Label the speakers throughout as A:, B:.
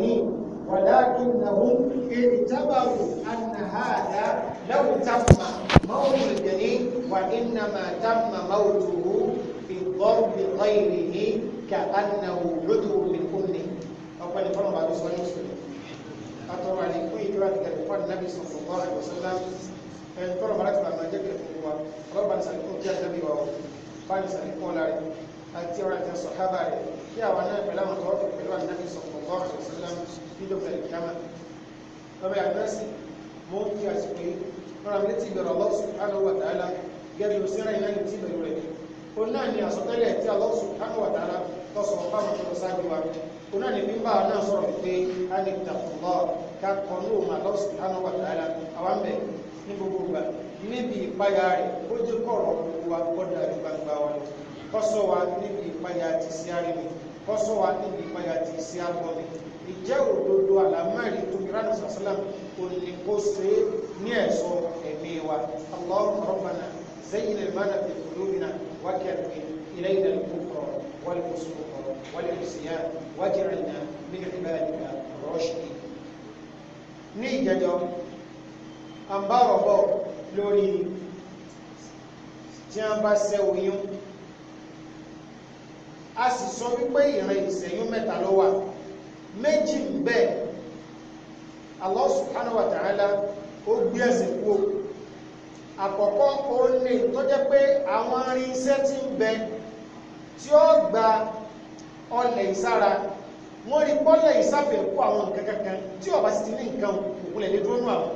A: المؤمنين ولكنهم اعتبروا ان هذا لو تم موت الجنين وانما تم موته بضرب غيره كانه عدو من امه. اقول لكم بعد سؤال مسلم. اتوا عليك كويت وقت النبي صلى الله عليه وسلم فانتم مركز ما جاءت هو ربما سالكم جاء النبي وهو فانسالكم ولا اتوا على صحابي يا ونبي لما توقف النبي صلى الله عليه وسلم sallallahu alaihi wasallam níjọ́ pẹ̀lú kíámà lọ́mọ yàtọ̀ sí mo ń fi àsìkò yìí lọ́ra mi létí ìbẹ̀rù Allah subhanahu wa ta'ala gẹ́gẹ́ bí o sẹ́ra ìlànà ìtì ìbẹ̀rù rẹ̀ o náà ni àsọtẹ́lẹ̀ tí Allah subhanahu wa ta'ala tọ́sọ̀ fáwọn tó sáájú wa o náà ni bímbà náà sọ̀rọ̀ wípé a lè dàpọ̀ kakọ̀ ní òun Allah subhanahu wa ta'ala àwọn bẹ̀ ní gbogbo gbà níbi ìpayà rẹ̀ ó jẹ́ kọ̀rọ̀ gbogbo wa gbọ́dọ̀ àdúgbàgbà wa kọ́sọ̀ wa níbi ìpayà ti sí àríwí kọ́sọ́ wa ní ìpayà ti sí agbọ́ni ìjẹ́ òdodo àlámẹ́rin tó mìíràn ní sàṣálàm òní kó ṣe é ní ẹ̀sọ́ ẹ̀mí wa Allahumma rabbana zẹ́yìn ìmọ̀nà ìfòlómìnà wákẹ́ẹ̀kẹ́ ilẹ̀ ìdẹ̀ lókùkọ̀ wàlúkùsùkọ̀ wàlúkùsìyà wájẹ́rìnà nínú ìbáyàdìgbà rọ́ṣì ní ìjẹjọ́ àǹbárọ̀bọ̀ lórí tí wọ́n bá sẹ́wọ̀nyún a sì sọ wípé ìran ìṣẹ́yún mẹ́ta ló wà méjì ń bẹ Allah subhanahu wa ta'ala ó gbé ẹ̀sìn kú àkọ́kọ́ ó ní tó jẹ́ pé àwọn irinṣẹ́ tí ń bẹ tí ó gba ọlẹ̀ ìsára wọ́n rí pọ́lẹ̀ ìsáfẹ́ kú àwọn nǹkan kankan tí ó bá sì ti ní nǹkan òkúnlẹ̀ lé dúró àwọn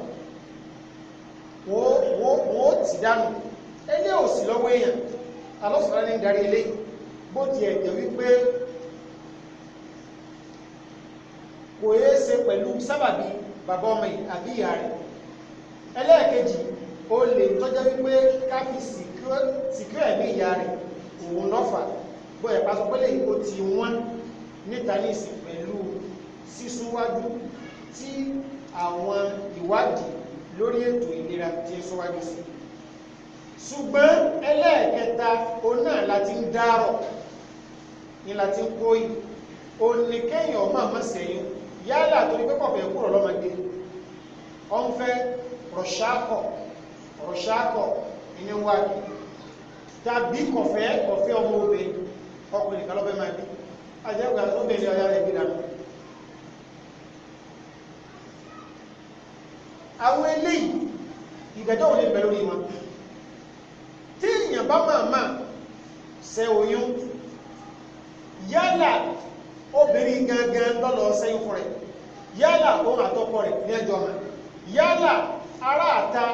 A: wọ́n ó ti dánù ẹlé òsì lọ́wọ́ èèyàn alọ́sọ̀rọ̀ ní darí eléyìí bó tiẹ̀ jẹ́ wípé kò yé ṣe pẹ̀lú sábàbí bàbá ọmọ yìí àbí ìyá rẹ̀ ẹlẹ́ẹ̀kejì ó lè tọ́jọ́ wípé káfí sìkú ẹ̀mí ìyá rẹ̀ òun lọ́fà bó ẹ̀pá sọ pé lèyìn ó ti wọ́n níta ní ìsìn pẹ̀lú sísúnwájú tí àwọn ìwádìí lórí ètò ìlera ti ń súnwájú sí ṣùgbọ́n ẹlẹ́ẹ̀kẹta òun náà láti ń dárọ̀ ìlà tí ń kó yìí o ní kẹ́yìn ọmọ àmọ́ sẹ́yìn yálà tó ní pẹ́pọ̀ fẹ́ kúrò lọ́mọdé ọ ń fẹ́ rọ̀ṣákọ̀ rọ̀ṣákọ̀ ìní wá bí tàbí kọ̀fẹ́ kọ̀fẹ́ ọmọ obe ọkùnrin kan lọ́fẹ́ máa bí ajẹ́gbà tó bẹ̀rẹ̀ ọ̀yá rẹ̀ gbéra lọ àwọn eléyìí ìgbẹ́jọ́ ò lè bẹ̀ wọn tí èèyàn bá máa máa ṣe oyún yálà obìnrin gangan lọ́lọ́ sẹ́yìn fún rẹ̀ yálà òun àtọ́kọ rẹ̀ ní ẹjọ́ hàn yálà ará àta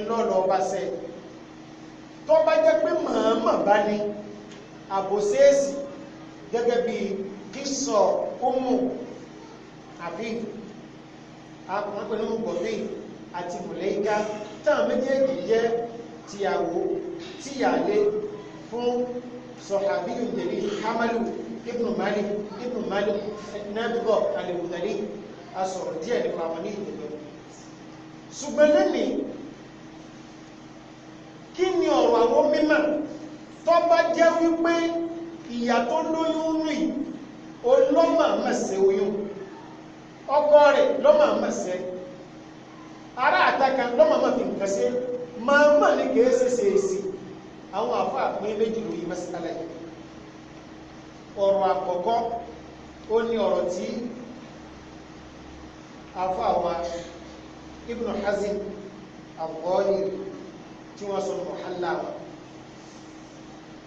A: ńlọ́lọ́ bá sẹ́ tó bá jẹ́ pé màmá bá ní àbòsẹ́ẹ̀sì gẹ́gẹ́ bí kíso ọmọ àbí akọ̀ọ́pẹ̀ ní mọ̀gbọ̀bí àti mọ̀lẹ́gá táwọn méjèèjì jẹ́ tìyàwó tìyàlé fún صحابي جليل حمل ابن مالك ابن مالك نابغة الهذلي asọ̀rọ̀ díẹ̀ nípa wọn ní ìdẹ̀lẹ̀ ṣùgbọ́n lẹ́nìí kí ni ọ̀rọ̀ àwọn mímọ̀ tó bá jẹ́ wípé ìyá tó lóyún rí olómà mẹ́sẹ̀ oyún ọkọ rẹ̀ lọ́mà mẹ́sẹ̀ ará àtàkà lọ́mà mẹ́fì nǹkan ṣe máa mọ̀ ní kìí ṣe ṣe èsì àwọn àfọ́ àpín méjì lórí mẹ́sàlá yìí ọ̀rọ̀ àkọ́kọ́ ó ní ọ̀rọ̀ tí àfọ́ àwa Ibn Hazm àbọ̀ọ́lì tí wọ́n sọ mọ̀hálà wọn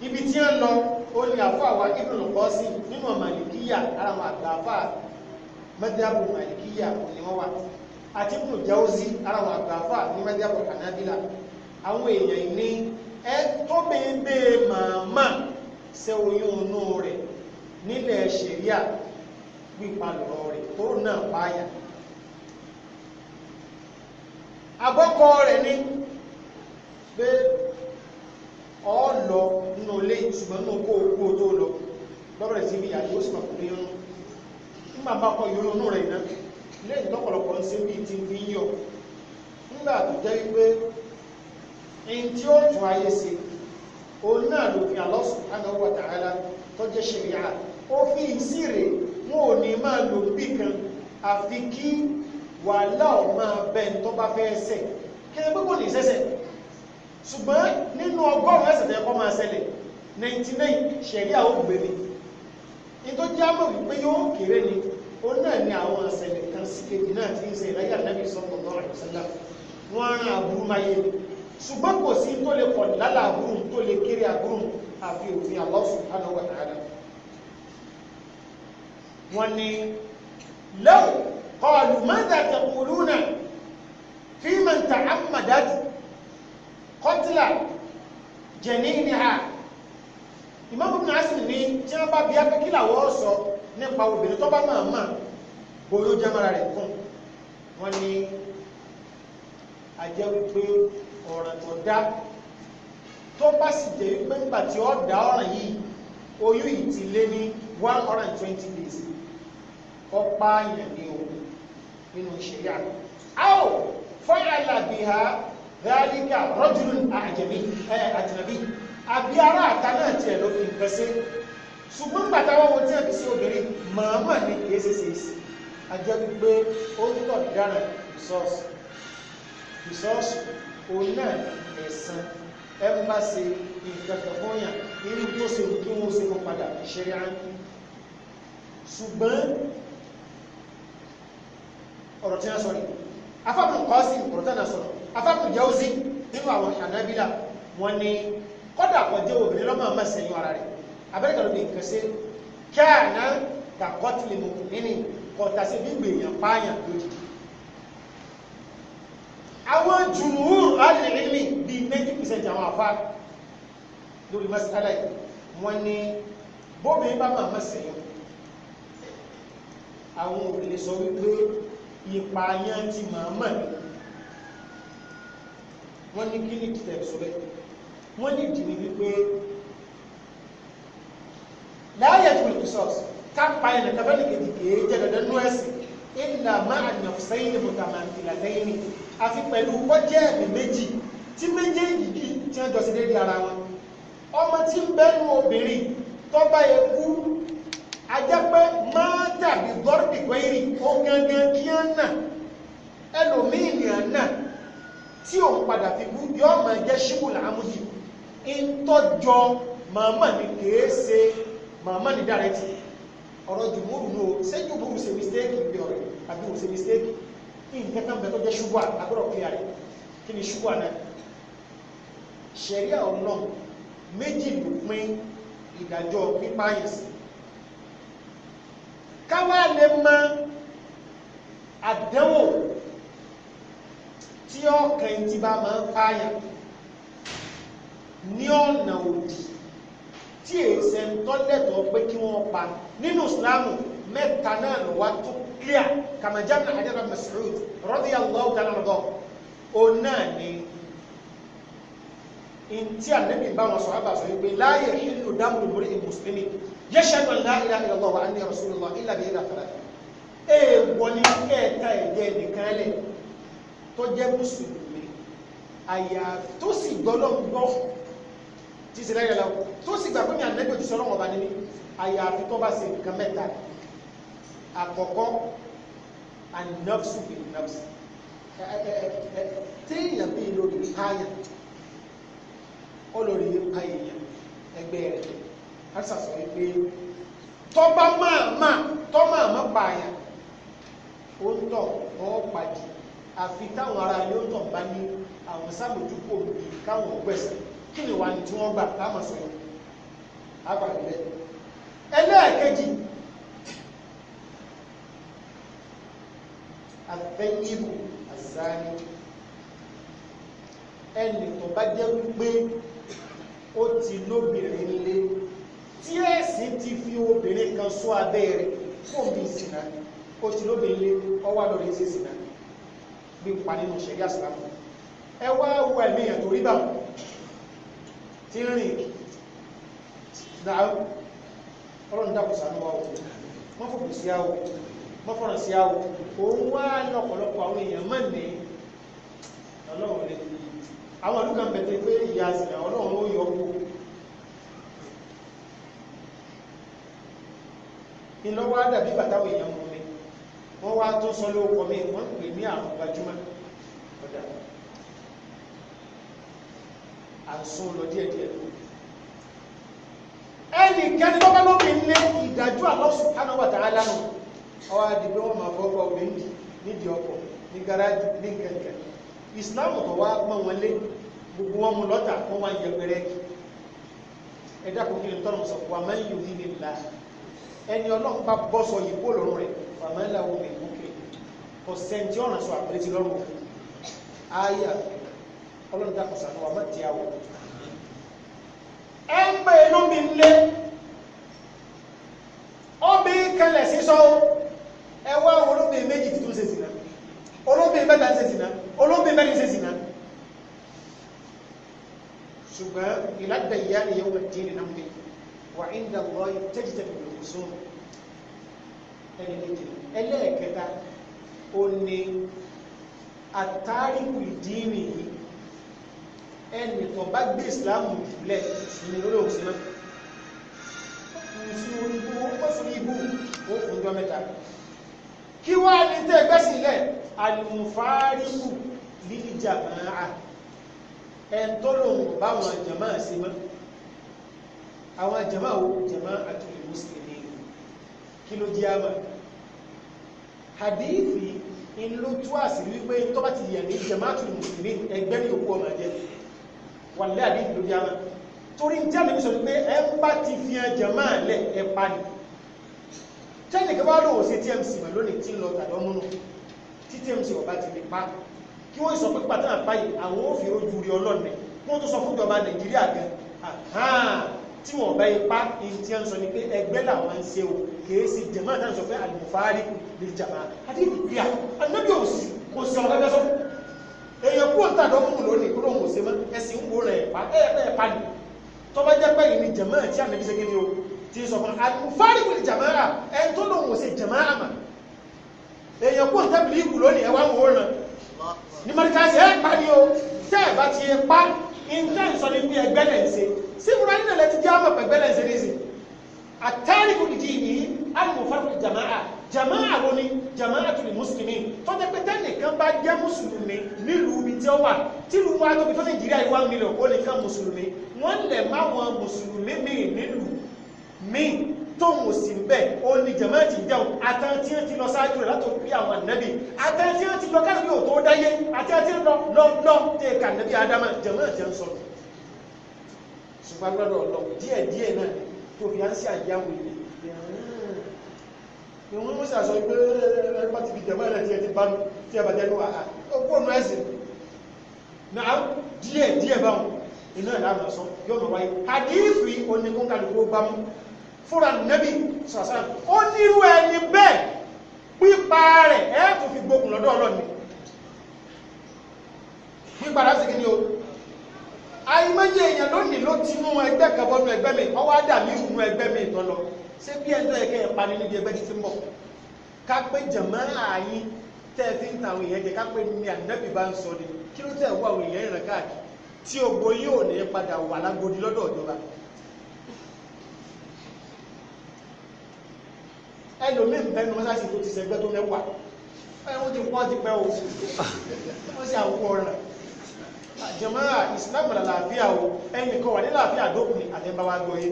A: ibi tí ó lọ ó ní àfọ́ àwa Ibn Qasim nínú màlìkíyà ara wọn àgbà àfọ́ mẹ́díàbù màlìkíyà òní wọ́n wà àti Ibn Jawzi ara wọn àgbà àfọ́ ní mẹ́díàbù Hanabila àwọn èèyàn ní ẹ tó bèbè màmá ṣe oyún inú rẹ̀ nílẹ̀ ṣẹ̀ríà pípa lọ́rọ̀ rẹ̀ tó náà báyà abọ́kọ rẹ̀ ní pé ọ lọ nínú ilé ìtumọ̀ nínú kó owó tó lọ lọ́bẹ̀rẹ̀ sí ibi àti ó sì máa kúrò yọrùn nígbà bá kọ ìyọrùn inú rẹ̀ náà lẹ́yìn lọ́pọ̀lọpọ̀ ń ṣe bíi ti ń fi yọ nígbà tó jẹ́ pé in tí ó tún ayé ṣe òun náà lòfin Allah subhanahu wa ta'ala tó jẹ́ ṣẹ̀ríà òfin ìsírè wọn ò ní máa lò bí kan àfi kí wàhálà ọ̀ máa bẹ́ẹ̀ tó bá fẹ́ ṣẹ̀ kí ni gbogbo ní sẹ́sẹ̀ ṣùgbọ́n nínú ọgọ́rùn-ún ẹ̀sẹ̀ tẹ́kọ́ máa ṣẹlẹ̀ 99 ṣẹ̀ríà ó gbèrè ní tó jẹ́ àmọ̀ wípé yóò kéré ni ó náà ní àwọn ṣẹlẹ̀ kan sí kejì náà ti ń ṣe ìráyà Nabi sallallahu alaihi wasallam wọ́n rán àbúrú máyé ṣùgbọ́n kò sí tó lè kọ̀ lálà àbúrùn tó lè kéré àbúrùn àfi òfin Allah subhanahu wa ta'ala wọ́n ní law qalu madha taquluna fi man ta'ammadat qatla janiniha ìmọ́bùn náà sì ní tí wọ́n bá bí akẹ́kílà wọ́n sọ nípa obìnrin tó bá máa mà bóyó jẹ́mọ́ra rẹ̀ kún wọ́n ní ajẹ́ ọ̀ràn tó dá tó bá sì jẹ́ wípé nígbà tí ó dá ọ̀ràn yìí oyún yìí ti lé ní one hundred and twenty days ọ̀pá àyàn ní o nínú ìṣẹ̀lẹ̀ àná. a ò fọ́nrán àbí ha dáríkà rọ́jùlù àjẹmí àjẹmí àbí àta náà tiẹ̀ ló fi nǹkan ṣe ṣùgbọ́n nígbà táwọn ohun tí a fi sí obìnrin màmá ní kìí a jẹ́ wípé ó ń tọ̀ dára resource resource òun náà ẹ̀sán ẹ ń bá ṣe nǹkan kan fún yàn irú tó ṣe kí wọ́n ṣe kó padà ṣeré áńkú ṣùgbọ́n ọ̀rọ̀ tí wọ́n sọ ni afábùn kọ́sì ọ̀rọ̀ tí wọ́n sọ afábùn jẹ́wọ́sí nínú àwọn ànábìlà wọn ni kọ́dà kọjẹ́ obìnrin lọ́mọ ọmọ ìṣẹ̀yìn ara rẹ̀ abẹ́rẹ́kà ló ní nǹkan ṣe kí àná kàkọ́tìlì mọ̀ nínú kọ̀tà sí gbígbèyàn pààyàn lójijì àwọn jùmúrù alìrìnlẹ̀ bíi 90% àwọn àfá lórí masala yìí wọ́n ní bóbi bá máa mẹ́sẹ̀ yìí àwọn òbílẹ̀ sọ wípé ìpààyàn ti máa mọ̀ ní wọ́n ní kí ní kìtẹ̀ sọ bẹ́ẹ̀ wọ́n ní ìdí wípé láyé tó lè sọ́ọ̀sì ká pa ẹnìkan bẹ́ẹ̀ lè kéé jẹ́ dandan nú ẹ̀sìn ìlà máa nafsayn mutamathilatayn àfi pẹ̀lú kọjẹ́ ẹ̀mí méjì tí méjèèjì yìí tí wọ́n jọ sí déédéé ara wọn ọmọ tí ń bẹ́nu obìnrin tó bá yẹ kú ajẹ́ pé máa dàbí gọ́ọ̀dì pẹ́ẹ́rì ó gángan kí á nà ẹlòmíì ní à nà tí òun padà fi kú yọ ọmọ ẹjẹ́ ṣíwò làámújì ń tọ́jọ màmá ní kèé ṣe màmá ní dàrẹ́tì ọ̀rọ̀ jùmúrù ló sẹ́jú búrú ṣe mistake bí ọ̀rẹ́ àbí òun ṣe mistake ní nǹkan kan bẹ tó jẹ́ ṣúgbà agbọ́dọ̀ pé àrẹ kí ni ṣúgbà náà ṣẹ̀ríà ọ̀nà méjì ló pín ìdájọ́ pípa àyẹ̀sí káwá lè mọ àdánwò tí ọkàn ti bá máa ń pààyàn ní ọ̀nà òdì tí èsẹ̀ ń tọ́lẹ̀tọ̀ pé kí wọ́n pa nínú ìsìláàmù mẹ́ta náà ló wá tó kíá kàmájá ní àdébà Mas'ud radiyallahu ta'ala anhu ó náà ni ntí ànábì bá wọn sọ̀rọ̀ àbàṣọ yìí pé la yahillu damu lórí mùsùlùmí yashhadu an la ilaha illallah wa anna rasulullah illa bi ìlà fẹ́lá ee wọlé kẹta ẹ̀jẹ̀ nìkan lẹ̀ tó jẹ́ mùsùlùmí àyà tó sì gbọ́dọ̀ ti sì lẹ́yìn lọ tó sì gbà pé mi ànẹ́bí òjì sọ́lọ́mọ ọba nínú àyàfi tó bá ṣe nǹkan mẹ́ta àkọ́kọ́ anọ́fsù bíi nọ́fsù téèyàn bíi lórí páyà olórí páyà ẹgbẹ́ rẹ̀ àṣà sọ pé tọ́ba máa máa tọ́ máa má pààyàn ó ń tọ̀ ọ́ pàjù àfi táwọn ará ilé tọ̀ bá ní àwọn sábòjúkò bíi káwọn ọgbẹ́sẹ̀ kí ni wà ní tí wọ́n gbà láàmà sọ yẹn agbàdì rẹ̀ ẹlẹ́ẹ̀kejì àfẹ́yìnbù àzáni ẹnì tó bá jẹ́ wípé ó ti lóbìnrin lé tí ẹ̀sìn ti fi obìnrin kan sọ abẹ́ rẹ̀ fún mi ìsìnà ó ti lóbìnrin lé ọwọ́ àlọ́rin sí ìsìnà bí n pa nínú ṣẹ̀rí àsìlámù ẹ wá wọ ẹ̀mí ẹ̀ torí báwọn tí ọrụ rìn náà ọlọ́run dàpọ̀ sànú wa o wọ́n fòkùn sí àwọ̀ wọ́n fọ̀rọ̀ sí àwọ̀ òun wá lọ́pọ̀lọpọ̀ àwọn èèyàn mọ̀ ní ọlọ́run rẹ̀ àwọn àdúgbò ń bẹ̀tẹ̀ wá dàbí bàtàwọ̀ èèyàn àsún lọ díẹ̀díẹ̀ ẹnì kẹni tó bá lómi ní ìdájọ́ Allah subhanahu wa ta'ala nù ọwọ́ adìgbé wọn máa fọ́gbọ́ omi ń nídìí ọkọ̀ ní garaajì ní kẹ̀kẹ́ Islam tó wá pọ́n wọn lé gbogbo wọn mú lọ́tà wọn wá yẹpẹrẹ ẹ̀dá kò kí ni tọ́nà sọ wà máa ń yòó ní nílá ẹni ọlọ́run bá bọ́ sọ yìí kó lọ́rùn rẹ̀ wà máa ń làwọn ọmọ ìgbókè kò sẹ́ńtì ọ̀ràn sọ àpẹẹrẹ ti lọ́rùn rẹ̀ ayé àpẹ ọlọ́run dá kọ̀sà náà wà má ti àwọ̀ ẹ ń gbé inú mi lé ọbí kẹlẹ̀ sísọ ẹ wá olóbìn méjì tuntun ṣe sìnà olóbìn mẹ́ta ṣe sìnà olóbìn mẹ́rin ṣe sìnà ṣùgbọ́n ìlàdà ìyá ni yóò wà dín ní náà wà ń dà wọ́n tẹ́jìtẹ̀ pẹ̀lú ìṣòro ẹni méjì ẹlẹ́ẹ̀kẹta ó ní àtàrí ìdí nìyí ẹnìkan bá gbé ìsìláàmù jùlẹ̀ ní lórí òun sí mọ́ ìsìn orí ibú ó fún ibú ó fún jọ mẹ́ta kí wá ní tẹ́ gbẹ́sìnlẹ̀ alùmùfáàríkù lílì jàmáà ẹ̀ntọ́lòun báwọn jàmáà sí mọ́ àwọn jàmáà wo jàmáà àtúlẹ̀ mùsùlùmí kí ló jẹ́ àmà hadithi ìlú tú àsìrí wípé tó bá ti yẹ̀ ní jàmáà àtúlẹ̀ mùsùlùmí ẹgbẹ́ ní òkú ọmọ wàlẹ́ àdéhùn lórí àmà torí tí àmì sọ pé ẹ bá ti fi ẹjẹ máa lẹ ẹ pa ni tẹ́lẹ̀ kí wọ́n lòwò sí tmc mà lónìí tí ń lọ tàbí ọmọ náà tí tmc ọba ti lè pa kí wọ́n sọ pé pàtàkì àpáyé àwọn ò fi ojú rí ọlọ́ọ̀nẹ kí wọ́n tó sọ fún ìjọba nàìjíríà gan tí wọ́n bá ipá ìtí à ń sọ ni pé ẹgbẹ́ làwọn ń ṣe o kìí sí jẹ̀mọ́ àtàǹsọ̀ fẹ́ àlùfáàrí lè jàmá àti ìdíyà anábì òsì kò sí ọ̀rọ̀ gẹ́gẹ́ sọ́kù èèyàn kúrò níta dọ́ mú lónìí kúrò ń wòsè mọ́ ẹ̀sìn ń wò rẹ̀ pa ẹ̀ ẹ̀ pa ni tọ́ba jẹ́ pẹ́ yìí ni jẹ̀mọ́ ẹ̀ tí àmì ṣe kéde o ti sọ fún alùfáàrí wòlì jẹ̀mọ́ rà ẹ̀ tó ló ń wòsè jẹ̀mọ́ àmà èèyàn kúrò níta bìlì ìkù lónìí ẹ̀ wá ń wò rẹ̀
B: ní mọ̀ríkàsì ẹ̀
A: pa ni o tẹ́ ẹ̀ bá ti yẹ pa intan sọ ni pé ẹgbẹ́ lẹ̀ ń ṣe síbúra nínú jàmáà wo ni jàmáà tó ní mùsùlùmí tó jẹ́ pé tẹ́nìkan bá jẹ́ mùsùlùmí nílùú ibi tí ó wà tílùú wa tóbi tó nàìjíríà yìí wá mílíọ̀n ó nìkan mùsùlùmí wọ́n lẹ̀ má wọn mùsùlùmí míì nílùú míì tó ń sì ń bẹ̀ ó ní jàmáà ti jẹun àtàntí ti lọ sáájú rẹ̀ látò bí àwọn ànábì àtàntí ti lọ káàkiri ò tó dáyé àtàntí lọ lọ lọ tẹ ká ànábì adama jàmáà jẹun sọ ṣùgbọ́n gbọ́dọ̀ lọ díẹ̀díẹ̀ náà tó fi á ń ni wọ́n mọ́sí àṣọ pé ẹgbẹ́ ti fi jẹ̀mọ́ ẹ̀rẹ́ tí ẹ ti bánu tí ẹ bàjẹ́ lọ́wọ́ àá ọkọ̀ ọ̀nà ẹ̀sìn náà díẹ̀ díẹ̀ báwọn iná ẹ̀dá àmà sọ yóò mọ̀ wáyé àdífì oníkúnkàlùkù bá mú fúra nẹ́bí sàṣà ó nírú ẹni bẹ́ẹ̀ pípa rẹ̀ ẹ kò fi gbókùn lọ́dọ̀ ọlọ́ni pípa rẹ̀ sì kí ni o àìmọye èèyàn lónìí ló ti mú ẹgbẹ́ kan bọ́nu ẹgbẹ́ mi ọwọ́ á dà mí ìrùnú ẹgbẹ́ mi ìtọ́lọ́ ṣé bí ẹjọ́ ẹ̀kẹ́ ẹ̀ pani níbi ẹgbẹ́ títí ń bọ̀ kápẹ́ jẹ̀mọ́ ààyín tẹ́ ẹ fi ń ta àwọn èèyàn jẹ kápẹ́ ní ànábì bá ń sọ ni kí ló tẹ̀ wọ àwọn èèyàn ìrìn káàkiri tí ogbo yóò ní padà wà lágodi lọ́dọ̀ ìjọba ẹlòmíì ń bẹnu mọ́sáàsì tó ti sẹ́gbẹ́ tó mẹ́wàá ẹ̀wọ́n ti pọ́n ti pẹ́ o wọ́n sì àwọn ọ̀ràn jẹ̀mọ́ ìsìlámù làlàáfíà o ẹnìkan wà ní làáfíà dókun àtẹ̀báwá gbọ́yé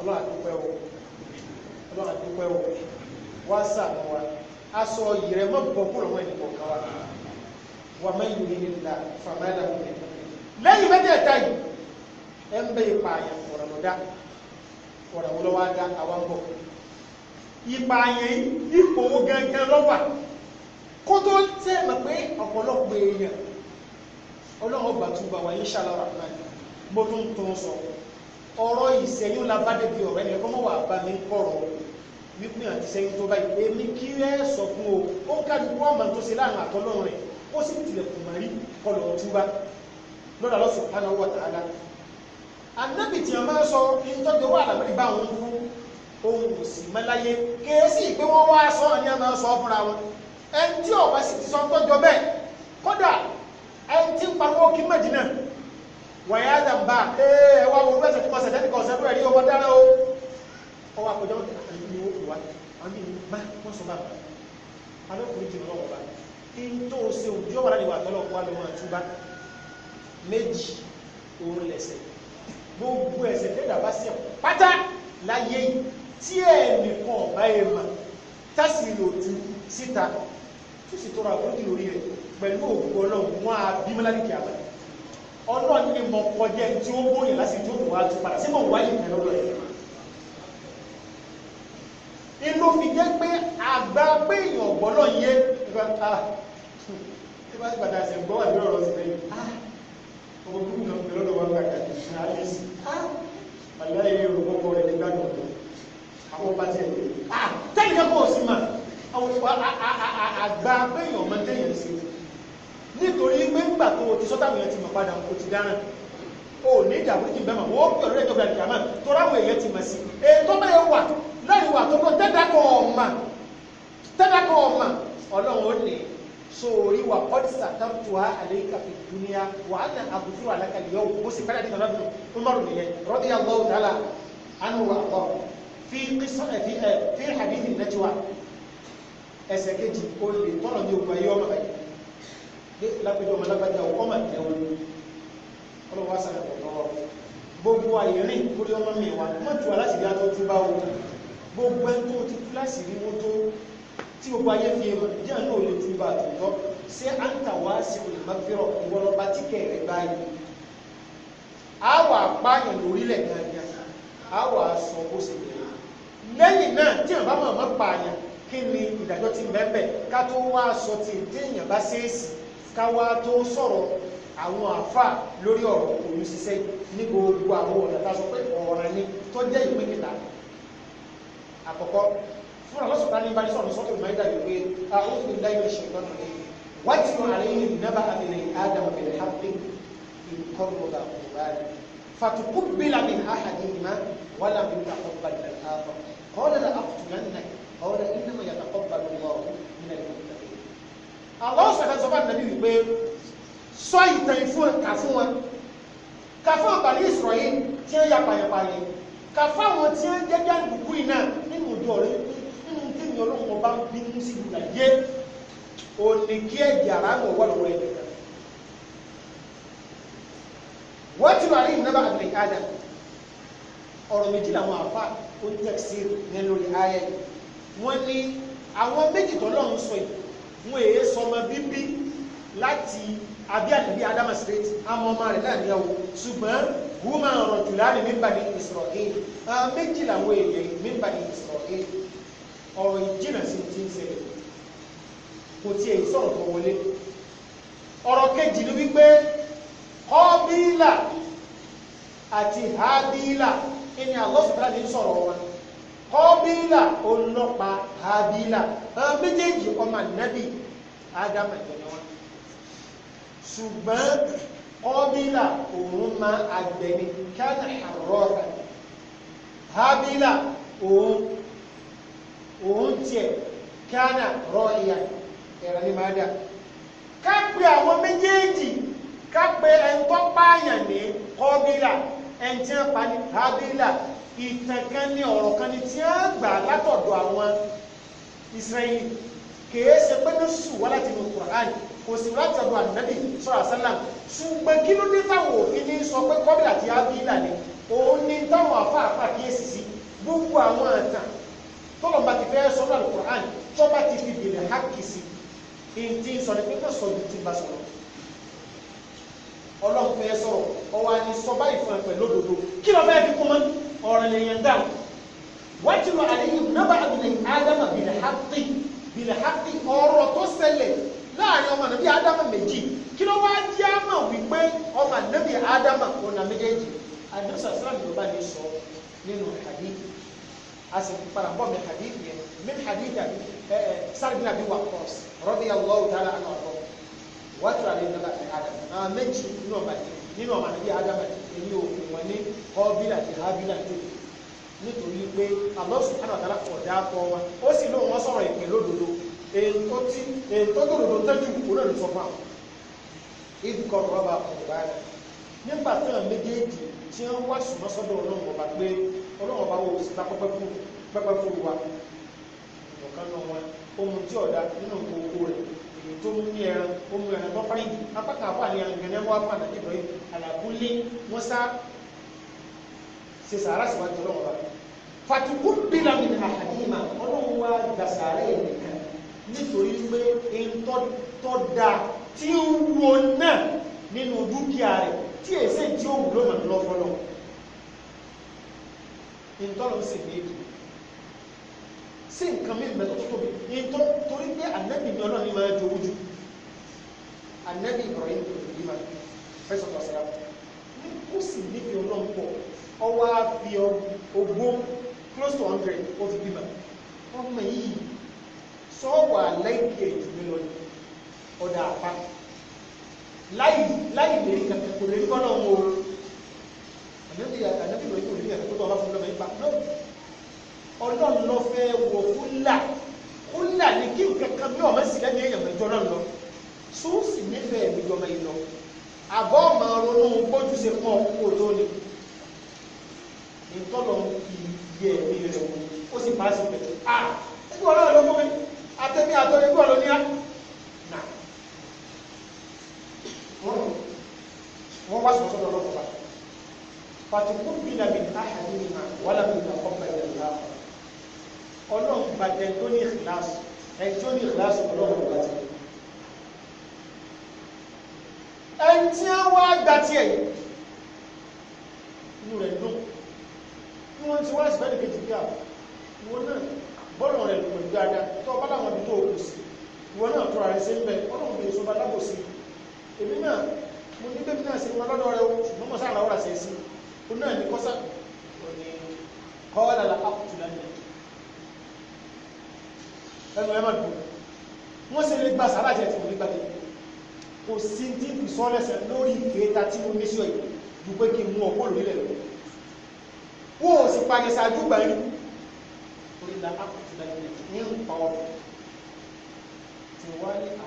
A: ọlọ́run àdúpẹ́ o ọlọ́run o wá sàánú wa aṣọ yìí rẹ mọ́ bọ́ kúrò wọn ìdìbò kan wa wà má yìí nínú ìlà fàmáìlà wọn ìdìbò lẹ́yìn mẹ́tẹ̀ẹ̀ta yìí ẹ̀ ń bẹ ìpààyàn ọ̀rọ̀ ló dá ọ̀rọ̀ wọn lọ́wọ́ dá àwa ń bọ̀ ìpààyàn ipò owó gangan lọ́wà kó tó tẹ́ mọ̀ pé ọ̀pọ̀lọpọ̀ èèyàn ọlọ́run ọgbà túbọ̀ wà ní ṣàlọ́ ràpáì mo tún tún sọ ọ̀rọ̀ ìṣẹ́yún labádé bí ọ̀rẹ́ ni ẹ̀kọ́ mọ̀ wà bá mi kọ̀rọ̀ wípé àti ṣẹ́yún tó báyìí èmi kí ẹ sọ fún o ó ń kájú wọ́n mọ̀ tó ṣe láàrin àtọ́lọ́run rẹ̀ ó sì tilẹ̀kùn mọ̀rí kọlọ̀ ọ̀túnba lọ́dà lọ́sùn pánà wọ̀ tààlà anábì tí a máa sọ ìtọ́jú wà lábẹ́rẹ́ bá wọn fún ohun òsì mẹ́láyé kèésì pé wọ́n wá sọ ni a máa sọ fúnra wọn ẹni tí ọ̀bá sì ti sọ tọ́jọ bẹ́ẹ̀ kódà ẹni tí ń kí mẹ́dínà wọ̀nyá àdàmbà ẹ wá wo bẹ́sẹ̀ tí mo sẹ̀dẹ́ nìkan ọ̀sẹ̀ lórí ọmọ dára o ọwọ́ àpọ̀jọ́ àtàlẹ́ ìlú wa àmì ìgbà wọ́n sọ bàbá alókùnrin jìnnà o ṣe òbí ọ̀bàrà ni wà tọ́lọ̀ wà lọ́wọ́ àtúbá méjì òun lẹ̀sẹ̀ gbogbo ẹ̀sẹ̀ tẹ́lẹ̀ bá ṣẹ̀ pátá láyé yìí tí ẹnìkan ọ̀bá ẹ̀ mà tásì lòdù síta tó sì tọrọ àbójú lórí rẹ̀ pẹ̀lú òògùn ọlọ́run wọn àbímọ́lá ní kìá báyìí ọlọ́run ní mọ kọjá tí ó bóyá láti tó mọ̀ wá tó padà sí mọ̀ wáyé ìtẹ́ lọ́dọ̀ ẹ̀. inú fi jẹ́ pé àgbà pé èèyàn ọ̀gbọ́nà yé ìgbà tá tí wọ́n ti padà ṣe gbọ́ wà lórí ọ̀rọ̀ sílẹ̀ yìí ọmọ bíbí náà pẹ̀lú ọ̀dọ̀ wọn gbàgbà àlẹ́sì pàlẹ́ ayé olùkọ́ kọ rẹ̀ nígbà náà lọ àwọn bá tiẹ̀ lé tẹ́lifíà bọ̀ sí nítorí pé ńgbà tó o ti sọ́tà mìíràn ti mọ̀ padà kò ti dáná o ní ìjà burúkú bẹ́ẹ̀ mọ̀ wọ́n pè lórí ìjọba ìjàmá tó ráwọ̀ èèyàn ti mọ̀ sí ètò bẹ́ẹ̀ wà lẹ́yìn wà tó kọ́ tẹ́dàkọ̀ ọ̀mà tẹ́dàkọ̀ ọ̀mà ọlọ́run ó ní sórí wa kọ́dísà tàbùtùwà àlẹ́kàfẹ́ dúníà wà á nà àbùtù àlàkàlẹ̀ yọ̀ bó sì fẹ́rẹ̀ dìgbà lọ́dún Umaru lápẹjọ ọmọ lágbájá ọkọmọ jẹun ọlọ́wọ́ sáré ọ̀tọ́ gbogbo àyẹ̀rìn orí ọmọ mi wà mọ́tò aláṣìírí àtọ́ tún bá wo gbogbo ẹni tó ti tú láṣìírí wó tó tí gbogbo ayé fi èèmọ̀ díẹ̀ náà lè tún bá àtúntọ́ ṣé à ń tà wá sí olùmọ́fẹ́rọ̀ ìwọlọ́ba tí kẹ̀rẹ̀ báyìí a wà pààyàn lórílẹ̀ gangan a wà sọ bó ṣe bẹ̀rẹ̀ lẹ́yìn náà tí àwọn bá mọ̀ mọ́ pààyàn kí ni ìdájọ́ ti mẹ́bẹ̀ ká tó wá sọ ti dé èèyàn bá ṣeéṣì káwá tó sọ̀rọ̀ àwọn àfà lórí ọ̀rọ̀ òun ṣiṣẹ́ ní gbogbo àwọn ọ̀nà tá a sọ pé ọ̀ràn ni tó jẹ́ ìpín kìtà àkọ́kọ́ fún àwọn sọ̀rọ̀ ní ìbánisọ̀ ní sọ́tò ìmáyídà yìí pé àwọn òfin láyé ṣe ìtọ́ nà wájú àlẹ́yìn nábà àbẹ̀lẹ̀ adam àbẹ̀lẹ̀ hàpé ìkọ́nùbà òbáàdì فتقبل من احدهما ولم يتقبل من الاخر قال لاقتلنك قال انما يتقبل الله من المتقين àwọn ọ̀sẹ̀fẹ̀ sọ́fà nàbí wípé sọ ìtàn ìfún kà fún wọn kà fún àbàlí ìsọ̀rọ̀ yìí tí ó yà pàyàpàyà kà fún àwọn tí ó jẹ́ bí àdùkú yìí náà nínú ìjọ rẹ nínú tí mi olóhùn ọba ń bínú sí ìlú ayé òní kí ẹ̀jẹ̀ ara ń wọ̀ lọ́wọ́ ẹ̀jẹ̀ kan wọ́n ti wà ní ìnáwó àgbẹ̀kájà ọ̀rọ̀ méjì làwọn àfa ó ń tẹ̀sí ní lórí ayẹ wọ́n ní àwọn méjì tó lọ́run sọ wọn èyí sọmọ bíbí láti abí àtàbí adama street àmọ́ ọmọ rẹ̀ náà níyàwó ṣùgbọ́n huma rajulani min bani Isra'il méjì làwọn èèyàn min bani Isra'il ọ̀rọ̀ ìjìnà sí ti ń ṣẹlẹ̀ kò tiẹ̀ sọ̀rọ̀ tó wọlé ọ̀rọ̀ kejì ni wípé Kọ́bílà àti Hábílà ẹni Allah subhanahu ní sọ̀rọ̀ wọn kọ́bílà olópa habila àwọn méjèèjì ọmọ nẹ́bí ádámà ìjọba wọn ṣùgbọ́n kọ́bílà òun ma àgbẹ̀ni kánà àrọ́ra habila òun òun tiẹ̀ kánà rọ́ọ̀yà ẹ̀rọ ni máa dà kápẹ́ àwọn méjèèjì kápẹ́ ẹ̀ńtọ́páàyàn ní kọ́bílà ẹ̀ńtí pa ní habila ìtàn kan ní ọ̀rọ̀ kan ní tí a gbà látọ̀dọ̀ àwọn Israeli kìí ṣe pé ní sùn wá láti inú Qur'an kò sì láti ọ̀dọ̀ ànábì sọ̀rọ̀ àṣálàm ṣùgbọ́n kí ló dé táwọn òfin ní sọ pé kọ́bìlà tí a bí ìlànà òun ni táwọn afáàfáà kíyèsí sí gbogbo àwọn àtàn tọ́lọ̀ bá ti fẹ́ sọ́nà alukur'an tó bá ti fi bèrè hákì sí i ti sọ ní pípẹ́ sọ ju ti bá sọ̀rọ̀ ọlọ́run fẹ́ sọ̀rọ̀ ọwọ́ àni sọ báyìí fún ẹ pẹ̀lú òdodo kí ló fẹ́ fi kú mọ́ ọ̀rọ̀ lèèyàn dáhùn wájú wa àlẹ́yìn nábà àbìlẹ̀ ádámà bìlẹ̀ hápì bìlẹ̀ hápì ọ̀rọ̀ tó ṣẹlẹ̀ láàrin ọmọ nàbí ádámà méjì kí ló wá jẹ́ àmà wípé ọmọ nàbí ádámà ọ̀nà méjèèjì àdúrà sàlám yorùbá ní sọ nínú hadith asèkú parabọ́ mi hadith yẹn mi hadith àbí ẹ ẹ nàbí wà kọ́s radiyallahu ta'ala anhu wájú àlẹ́yìn nábà àbìlẹ̀ ádámà méjì nínú ọmọ nàbí ádámà yìí èmi ò pè wọ́n ní kọ́bílà àti hábílà tó nítorí pé Allah subhanahu wa ta'ala ọ̀dà kọ́ wa ó sì lóun wọ́n sọ̀rọ̀ ìpè lódodo ètò tí ètò lódodo tẹ́jú òun náà sọ fún àwọn ìdíkọ̀ rọ́bà ọ̀gbà rẹ̀ nígbà táwọn méjèèjì tí wọ́n wá sùnmọ́ sọ́dọ̀ ọlọ́run ọba pé ọlọ́run ọba wo sì ta pẹ́pẹ́ fún wa ọ̀kan náà wọn ohun tí ọ̀dà nínú gbogbo rẹ̀ tó mú ní ẹran ó mú ẹran bọ́ fáyìn apákan àpá ní ẹran gẹ̀ẹ́nẹ́ wọ́n apá àdàbí ìbọn àlàkúlé wọ́n sá ṣe sàárà sí wájú ọlọ́wọ́ bá fatukú bílà mi nà àdìmà ọlọ́run wá gbà sàárà yẹn nìkan nítorí pé ntọ́ tọ́ da tí ó wo náà nínú dúkìá rẹ̀ tí èsè tí ó wù ló mà lọ́fọ́lọ́ ntọ́lọ́ sì ní èdè sí nǹkan mi ìgbẹ́ tó tó tóbi yìí tó torí pé ànábì ni ọlọ́run máa jowú ju ànábì Ibrahim ìlú máa fẹsọ̀ tó ṣẹlá ó sì níbi ọlọ́run pọ̀ ọwọ́ á fi ogún close to hundred ó fi bímọ ọmọ yìí sọ́ọ̀wà láìpẹ́ jù mí lọ ọ̀dà àpá láì láì lè rí kankan kò lè rí kọ́ náà wọ́n o ànábì ànábì Ibrahim ìlú máa fẹ́ tó ọba fún ọlọ́run yìí pa náà ọlọ́run lọ fẹ́ wọ kúlà kúlà ní kí nǹkan kan bí ọmọ sílẹ̀ ní èèyàn mẹ́jọ náà lọ sóòsì nífẹ̀ẹ́ mi jọmọ yìí lọ àbọ̀ ọmọ ronú gbójú ṣe pọ̀ kó tó ní ìtọ́lọ̀ iye ẹ̀mí rẹ̀ wò ó sì pa á sí pẹ̀lú à ẹgbẹ́ ọlọ́run ló fún mi àtẹ̀mí àtọ́ni ẹgbẹ́ ọlọ́run ní á nà wọ́n wá sọ̀tọ̀ lọ́wọ́ fún wa pàtìkú bí nàbì áhàdì nìyà wàlábì nà kọ́ bẹ̀rẹ̀ nìyà kọ́ ọlọ́run bá jẹ tó ní ìkìláàsì ẹni tó ní ìkìláàsì ọlọ́run bá ti ẹni tí a wá gba tiẹ̀ inú rẹ̀ dùn bí wọ́n ti wá sí bẹ́ẹ̀ kejì bí àwọn náà bọ́ọ̀lù rẹ̀ lùmọ̀ dáadáa tó bá láwọn ibi tó o kù sí ìwọ náà tó ara rẹ̀ sí ń bẹ ọlọ́run bèrè sọba lábòsí èmi náà mo ní bébí náà sí wọn lọ́dọ̀ rẹ̀ o ṣùgbọ́n mọ̀ sáà làwọn àṣẹ sí o náà ní kọ́sà kọ́ ọ́ lálàá ẹnu ẹ má dùn wọ́n sì lè gba sàrà jẹ tí mo lè gba jẹ kò sí tí kì sọ lẹ́sẹ̀ lórí ìkéta tí mo ní sí ọ̀yìn ju pé kí n mú ọkọ lórí lẹ̀ lọ wọ́n ò sì pàdé ṣáájú gbà yín orí la á kò ti la yẹn ní nǹkan ọ̀rọ̀ tí wọ́n ní à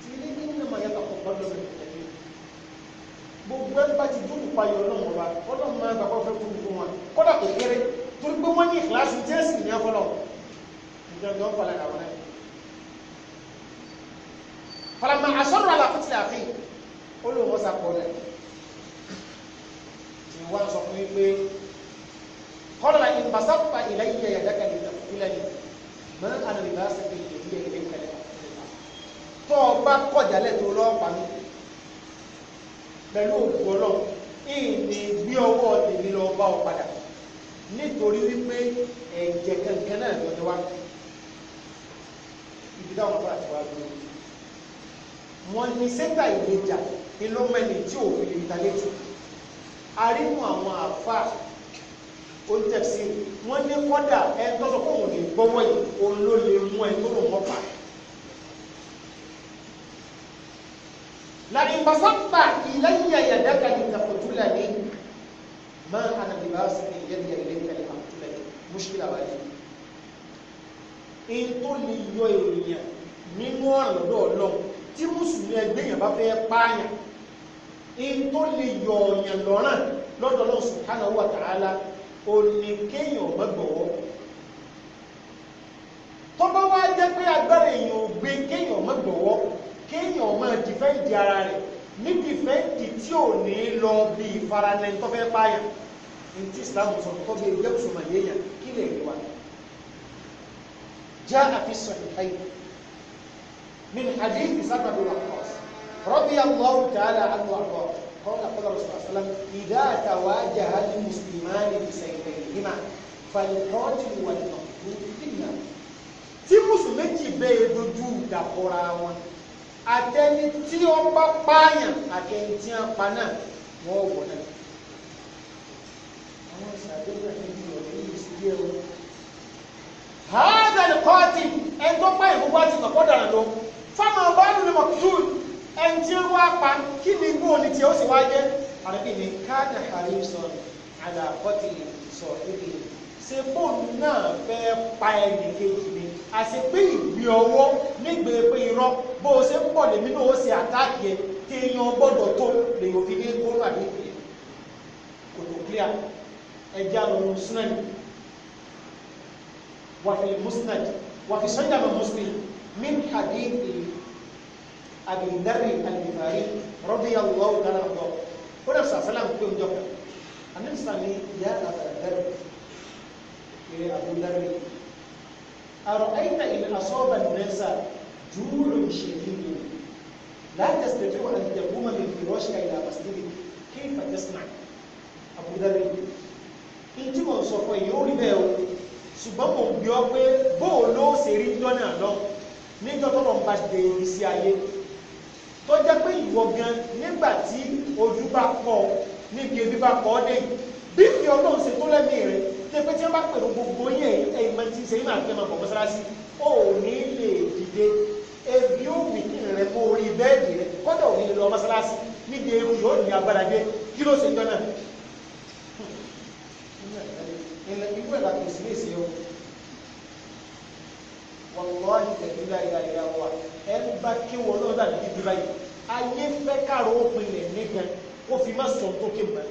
A: tí ilé ní nínú àmọ́ yàtọ̀ kọ̀ gbọ́dọ̀ mi tẹ̀lé gbogbo ẹ̀ ti dúró payọ̀ ọlọ́run ọba fẹ́ fún mi fún wọn kọ́dà kò kéré torí pé wọ́n ní ìkíláàsì jẹ́sì ní afọlọ́run jọjọ kọlẹ̀ àwọn ẹ̀ falama asọ́rọ̀ alákùtì àfin olóòwò sapò rẹ̀ ìwà sọ fún mi pé kọ́lá ìmbàsápà ilẹ̀ yìí yẹ dákà ní ìlẹ̀ yìí mọ́ ànàmìbá sẹ́kẹ̀ ìdí yẹ ilé kẹlẹ̀ tó o bá kọjálẹ̀ tó lọ́ọ̀pá mi pẹ̀lú òkú ọlọ́run ìní gbé ọwọ́ tèmi lọ bá ọ padà nítorí wípé ẹ̀jẹ̀ kankan náà lọ́jọ́ wá ibi táwọn bá ti wá dúró wọn ní sẹ́ńtà ìgbèjà ìlọ́mẹ́ni tí ò fi lè ta létí arínú àwọn àfà oníjẹ̀sí wọ́n ní kọ́dà ẹ tọ́sọ fún òun lè gbọ́wọ́ yìí òun ló lè mú ẹ tó lòun ọ̀pá láàrin pàṣápà ìlẹ́yìn àyàdáka ní ìtàkùtùlẹ̀ ní máa ànàbìbá sí ilẹ̀ ìyẹ̀lẹ̀ ìkẹlẹ̀ àkùtùlẹ̀ mú ṣílẹ̀ wáyé in tó lè yọ èèyàn nínú ọ̀ràn lọ́dọ̀ ọlọ́run tí mùsùlùmí ẹgbẹ́ yẹn bá fẹ́ pààyàn in tó lè yọ ọ̀yàn lọ́ràn lọ́dọ̀ ọlọ́run subhanahu wa ta'ala ò ní kéèyàn mọ́gbọ̀wọ́ tó bá wá jẹ́ pé agbára èèyàn ò gbé kéèyàn mọ́gbọ̀wọ́ kéèyàn máa dìfẹ́ǹdì ara rẹ̀ ní dìfẹ́ǹdì tí ò ní lọ bí ìfaranẹ́ni tó fẹ́ pààyàn ní tí Islam sọ̀rọ̀ bí ẹgbẹ́ mùsùlùmí yéèyàn kí lè rí wa. جاء في الصحيحين من حديث سعد بن وقاص رضي الله تعالى عنه وارضاه قال قال الرسول صلى الله عليه وسلم اذا تواجه المسلمان بسيفيهما فالقاتل والمقتول في النار tí mùsùlùmí bẹ́ẹ̀ dojú ìdàkọ̀ra wọn àtẹni tí ó bá pààyàn àtẹni tí wọn pa náà wọn ò wọ àwọn ìṣàdéhùn àti ìdíyọ̀ ní ìṣúgbẹ́ wọn hàdà ni kọ́ọ̀tì ẹni tó pa ìgbógun àti ìkọ̀kọ́ dàrẹ̀ lọ fáwọn ọba nínú mọ̀kútùl ẹni tí ó wá pa kí ni inú òní tí ó sì wá jẹ́ àrẹ́bí ni káàdà àrẹ́ sọ̀rọ̀ àlàkọ́tì sọ̀rọ̀ níbi ṣe bóòlù náà fẹ́ pa ẹnì kejì ni àṣepé ìgbé ọwọ́ nígbèé pé irọ́ bó o ṣe ń pọ̀ lèmi náà ó ṣe àtáàkì ẹ tí èèyàn gbọ́dọ̀ tó lèyìn òfin ní gómìnà nígbè kò clear ẹjẹ́ àwọn ohun súnáà وفي المسند وفي سنة مسلم من حديث أبي ذر الغفاري رضي الله تعالى عنه قال صلى الله عليه وسلم كم جوكا النبي يا أبا ذر يا أبو ذر أرأيت إن أصاب الناس جوع شديد لا تستطيع أن تقوم من فراشك إلى مسجدك كيف تصنع أبو ذر أنت ما صفى يوري بيه ṣùgbọ́n mò ń bí ọ pé bóò ló ṣe rí lọ́nà lọ níjọ́ tó lọ́n bá ṣe ìrísí ayé tó jẹ́ pé ìwọ gan nígbà tí ojú bá kọ níbi ebi bá kọ ọ́ dé bí fi ọlọ́run ṣe tó lẹ́mí rẹ̀ tó pé tí wọ́n bá pẹ̀lú gbogbo yẹn ẹ̀yìn máa ti ṣe yín máa fẹ́ máa bọ̀ mọ́sálásí ò ní lè dìde ebi ó wì kí rẹ̀ kó orí bẹ́ẹ̀dì rẹ̀ kọ́dọ̀ ò ní lọ mọ́sálásí níbi ewu yóò ní agbára dé kí ló ṣe jọ náà ìlẹ̀ ìlú ẹ̀dà kò sí lè ṣe o wọ́lọ́ ìtẹ̀lélá ìlà ìlà wà ẹ ń bá kí wọn náà dàbí ibi báyìí ayé fẹ́ káàrọ̀ òpin rẹ̀ nígan ó fi má sọ tó kéwà.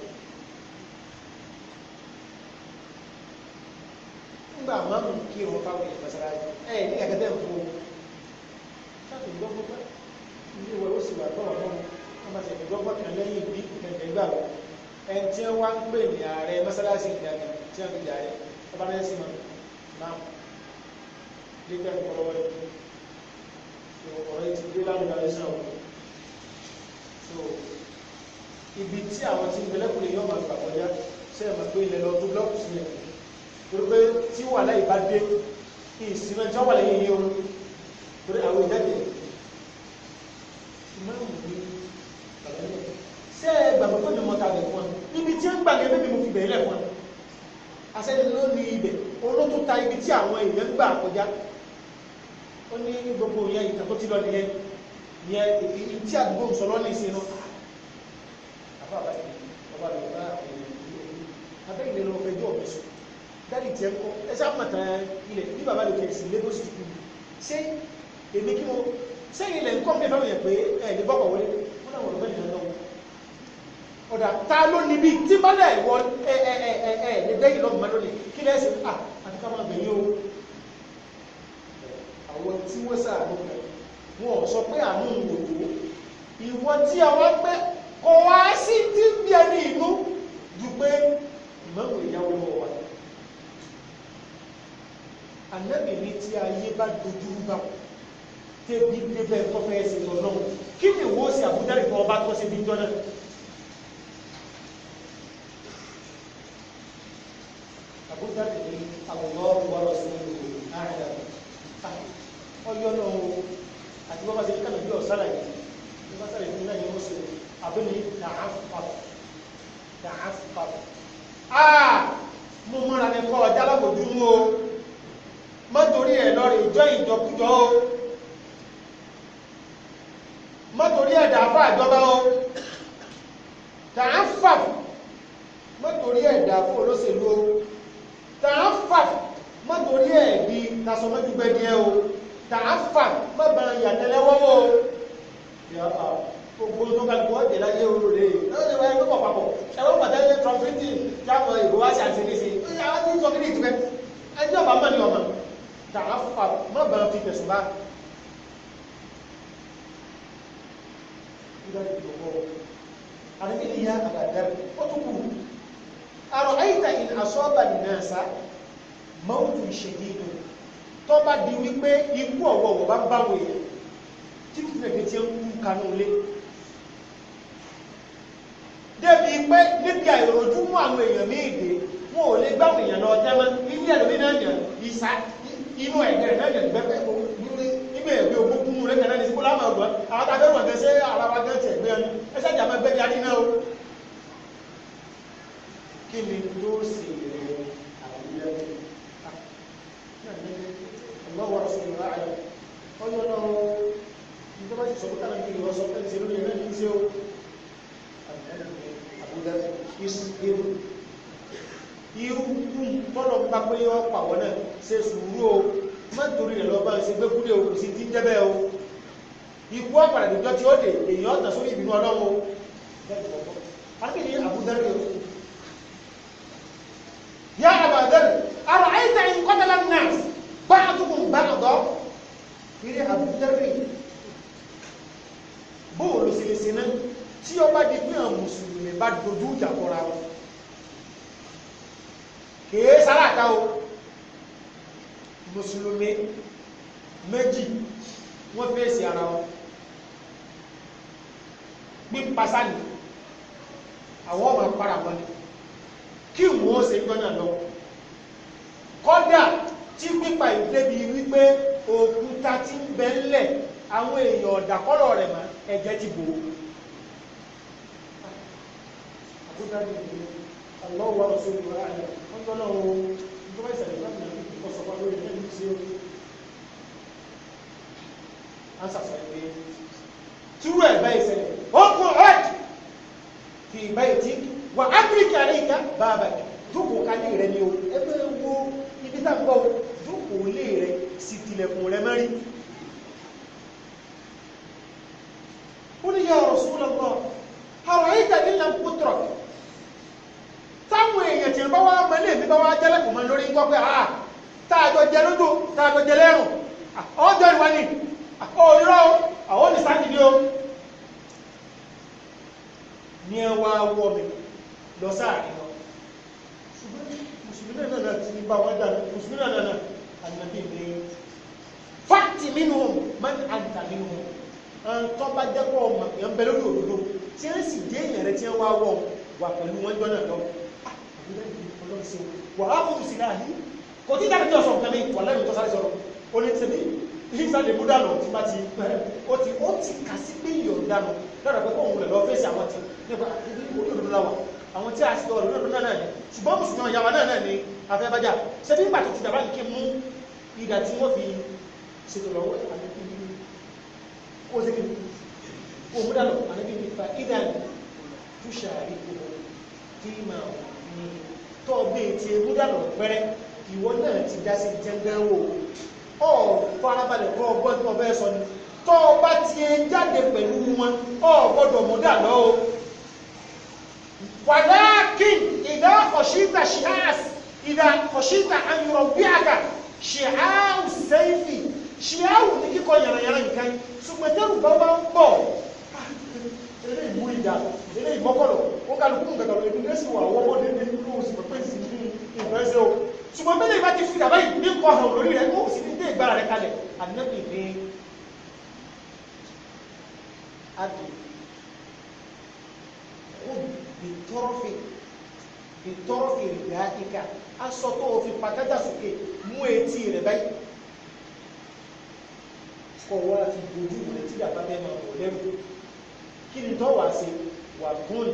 A: nígbà máa mú kí irun fáwọn èèyàn fẹsẹ̀ ráyè ẹ ní ẹ̀kẹ́tẹ́ ń fún un láti gbọ́ gbọ́gbọ́ ilé ìwé ó sì wà gbọ́ wọn mọ́ ọmọ sì gbọ́ gbọ́ kan lẹ́yìn bí kẹ̀kẹ́ gbà wọn ẹ̀ ń tí wọ́n wá ń pè ní ààrẹ mọ́sálásí ìdájọ́ tí a fi jà yẹ ọba bẹ́ẹ̀ sí ma náà dípẹ́ ọ̀pọ̀lọpọ̀ yìí so ọ̀rọ̀ yìí ti dé lánàá lọ sí àwọn so ibi tí àwọn tí gbẹlẹ́kùnrin yóò máa gbà kọjá ṣe é máa pé ilẹ̀ lọ tó blọ́ọ̀kù sí yẹn torí pé tí wà láì bá dé ìsinmi tí wọ́n wà lẹ́yìn ní o torí àwọn ìjáde márùn-ún ní ṣe é gbàgbọ́ pé mi mọ̀ ta lẹ̀ fún ọ níbi tí ń gbàgbé bébí mo fi bẹ̀rẹ̀ lẹ̀ fún ọ asẹ́ni ló ní ibẹ̀ olótó ta ibi tí àwọn èèyàn gbà kọjá ó ní gbogbo yẹn ìtàn tó ti lọ nìyẹn yẹn èyí tí àdúgbò ń sọ lọ́nà ìsinú àbá àbá ọba rẹ̀ bá abẹ́ ìlẹ̀ lọ fẹjọ́ ọ̀bẹ sùn dáàdì tiẹ̀ ń kọ́ ẹ sá mọ̀tà ilẹ̀ bí bàbá rẹ̀ kẹ̀sì lagos kù ṣé èmi kí mo sẹ́yìn ilẹ̀ ń kọ́ mi fẹ́ràn yẹn pé ẹ̀ ní bọ́kọ̀ wọlé wọn náà wọ̀ lọ́fẹ́ nìyẹn lọ́wọ́ ọ̀dà ta ló níbi tí bá dẹ̀ wọ ẹ ẹ ẹ ẹ ẹ lè dẹ́yìn lọ́gùn má lónìí kí lẹ́ sí à àti ká máa bẹ̀yìn o àwọn tí wọ́n sàánú rẹ̀ wọn ò sọ pé àánú ń wò tó ìwọ tí a wá pẹ́ kò wá sí tí ń bí ẹni ìlú ju pé ìmọ̀wé ìyàwó mọ̀ wá ànábì ní tí ayé bá dojú bá tẹ́bí débẹ̀ tó fẹ́ ṣe lọ́nà kí ni ìwọ sí àbújá ìfọwọ́ bá tó ṣe bí jọ náà. ọ̀pọ̀ bá ń bá wọ tí fìtínà bí ti ń kú kanú lé débi pé níbi àìrojú mú àwọn èèyàn míì dé wọn ò lè gbá èèyàn lọ tẹ́mọ́ ilé ẹ̀lómi náà yàn ìsá inú ẹ̀gẹ́ náà yàn gbẹ́gbẹ́ níbẹ̀ ìwé ogún kún un lẹ́gbẹ̀ẹ́ náà ní sípò láwọn ọ̀dọ́ àwọn tàbí ọ̀rọ̀ gẹ̀ẹ́sẹ́ ara wa gẹ̀ẹ́sẹ̀ ẹ̀gbẹ́ ẹni ẹsẹ̀ ìjà máa gbẹ́bí adé o kí ni tó sì rẹ̀ àwọn ilé ẹ̀kọ́ ọjọ́ náà o nígbà bá ti sọ kọ́tà náà kí ìwọ sọ pẹ́ẹ́tì lórí ẹ̀rẹ́ ní ṣe o àbúdá ìṣirò irú bọ́lọ̀ ń papé yọ pàwọ́ náà ṣe sùúrù o má torí rẹ̀ lọ́ba ṣe gbé kúlẹ̀ o kò sí ti ń jẹ́bẹ̀ o ikú ọ̀pàdà tó jọ tí ó dé èèyàn ọ̀tà sórí ìbínú ọlọ́wọ́ akéde àbúdá rẹ̀ o yá àbàdàn àrà àìsàn ìkọ́tàlá náà bá eré àbúdárì bóòlù sílẹsẹ náà tí ọba di pé àwọn mùsùlùmí bá dojú ìjà kọra wọn kèé sálàtà o mùsùlùmí méjì wọ́n fèsì ara wọn pípa sáni àwọn ọmọ para wọn ni kí wọ́n ṣe gbọ́nà lọ kọ́dà tí pípa ìdébi wípé òkúta tí ń bẹ ńlẹ̀ àwọn èèyàn ọ̀dàkọ́lọ̀ rẹ̀ mọ́ ẹ̀jẹ̀ ti bò ó. àkúdá ni ọlọ́wọ́ wa ọ̀sẹ̀ ìwà àyà wọ́n tọ́ náà o ìjọba ìsàlẹ̀ láti nà ní kíkọ́ sọ́kọ́ lórí ẹ̀jẹ̀ ní ṣe o. a sàṣà ìwé túrú ẹ̀ bá ìṣẹ̀lẹ̀ ó kún ọ́d fi ìgbà ìtì wà áfíríkà rẹ̀ ìka bàbà dúkùú kálí rẹ̀ ni o ẹgbẹ́ wo ibi tá a gbọ́ o jókòó lé rẹ sì tilẹ̀kùn rẹ mẹ́rin ó ní ya Rasulullah ọ̀rọ̀ yìí tẹ̀lé ńlá pútrọ̀ táwọn èèyàn tí ń bá wá mọ́lẹ̀ mi bá wá jẹ́lẹ̀kùn mọ́ lórí gbọ́ pé àá ah, táàjọ jẹ lójú táàjọ jẹ lẹ́rùn ah, ọjọ́ ìwà ni òyìnbó àwọn olùsáàdìdì o ah, ní ẹ wá wọ́ mi lọ sáàrin ṣùgbọ́n mùsùlùmí náà ti bá wọn dà mùsùlùmí náà náà àjùmọ̀tẹ́ ìbílẹ̀ fáàtì mínú man àǹtà mínú tọ́ bá jẹ́kọ̀ ọmọ èèyàn bẹ lórí òdodo tí wọ́n sì dé èèyàn rẹ tí wọ́n wá wọ̀ wà pẹ̀lú wọn jọ́nà lọ ah, wà á fún ìsìlẹ̀ àyí kò tí dákẹ́ ọ̀sán kan mi wà lẹ́yìn tó sáré sọ̀rọ̀ ó ní tẹ̀lé nígbà lè mú dànù tí bá ti pẹ́ ó ti ó ti kà sí pé dànù lọ́dọ̀ pé kóun lè lọ fèsì àwọn ti nípa àkíní olódodo la wà àwọn tí a sì lọ olódodo náà náà ni ṣùgbọ́n mùsùlùmí ọ̀yàwó náà náà ni afẹ́bájá ṣe bí pàtó ti dàbá mú ìdà tí wọ́n fi ṣètò lọ́wọ́ ànábì ní kó ṣe kí kó mú dànù ànábì ní fa ìdà tó ṣàárẹ̀ kó tí màá ní tọ́ bẹ́ẹ̀ tí mú dànù pẹ́rẹ́ ìwọ náà ti dá sí jẹ́ngẹ́wò ọ̀ farabalẹ̀ kọ́ ọgbọ́n tí wọ́n fẹ́ sọ ni tọ́ bá ti ẹ jáde pẹ̀lú wọn ọ̀ gbọ́dọ̀ mú dànù o wàlákìn ìdá kọ̀ṣítà ṣíhàs ìdá kọ̀ṣítà àmì ọ̀gbíàgà ṣìáwù sẹ́yìnì ṣìáwù ní kíkọ yàrá-yàrá nǹkan ṣùgbọ́n tẹ́rù bá bá ń bọ̀ ah, eré ìmú ìjà eré ìmọ́kọ̀lọ̀ ó kálukú nǹkan kan lóyún lẹ́sìn wà wọ́wọ́ ní ní ìlú òsì pẹ̀pẹ́ sí ní ìfẹ́sẹ̀ o ṣùgbọ́n mẹ́lẹ̀ ìbá ti fi dàbá yìí ní nǹkan ọ̀hún lórí rẹ̀ ó sì ní dé ìgbára rẹ̀ kalẹ̀ ànábì ní adùn ó bìtọ́rọ̀fì bìtọ́rọ̀fì rìdáìkà aṣọ tó o fi pàtàkì sókè mú etí rẹ̀ báyìí kọ̀ wọ́n láti dojú rẹ̀ tí dàbá mẹ́mọ̀ ọ̀rọ̀ lẹ́rù kí ni tó wà sí wà gún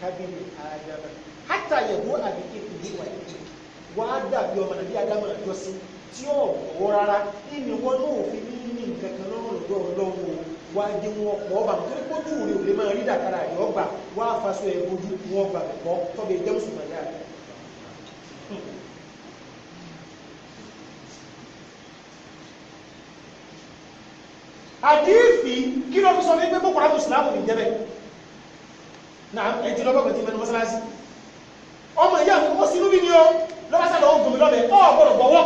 A: kábìnì àdàmà hátà yẹ̀wò àbí kékeré wà ní wà á dàbí ọmọ nàbí àdàmà àjọ sí tí ó wọ́ rárá nínú wọn náà fi ní ní nǹkan kan lọ́rùn lọ́dọ̀ ọlọ́run wà á jẹun ọ̀pọ̀ ọba nítorí pé ojú rẹ̀ máa rí dàkàrà àyọ̀ ọgbà wà á faṣọ ẹ̀ ojú wọn gbà tọ́bi ẹ̀jẹ̀ mùsùlùmí àdífì kí ló fi sọ wípé boko haram islamu ní jẹ́bẹ̀ náà ẹ̀jù lọ́gbọ̀gbọ̀ ti mẹ́nu mọ́sálásí ọmọ ìyá ó sínú bí ní ọ lọ́wọ́sálọ́ ó gbòmí lọ́bẹ̀ ọ̀ gbọ́dọ̀ gbọ́wọ́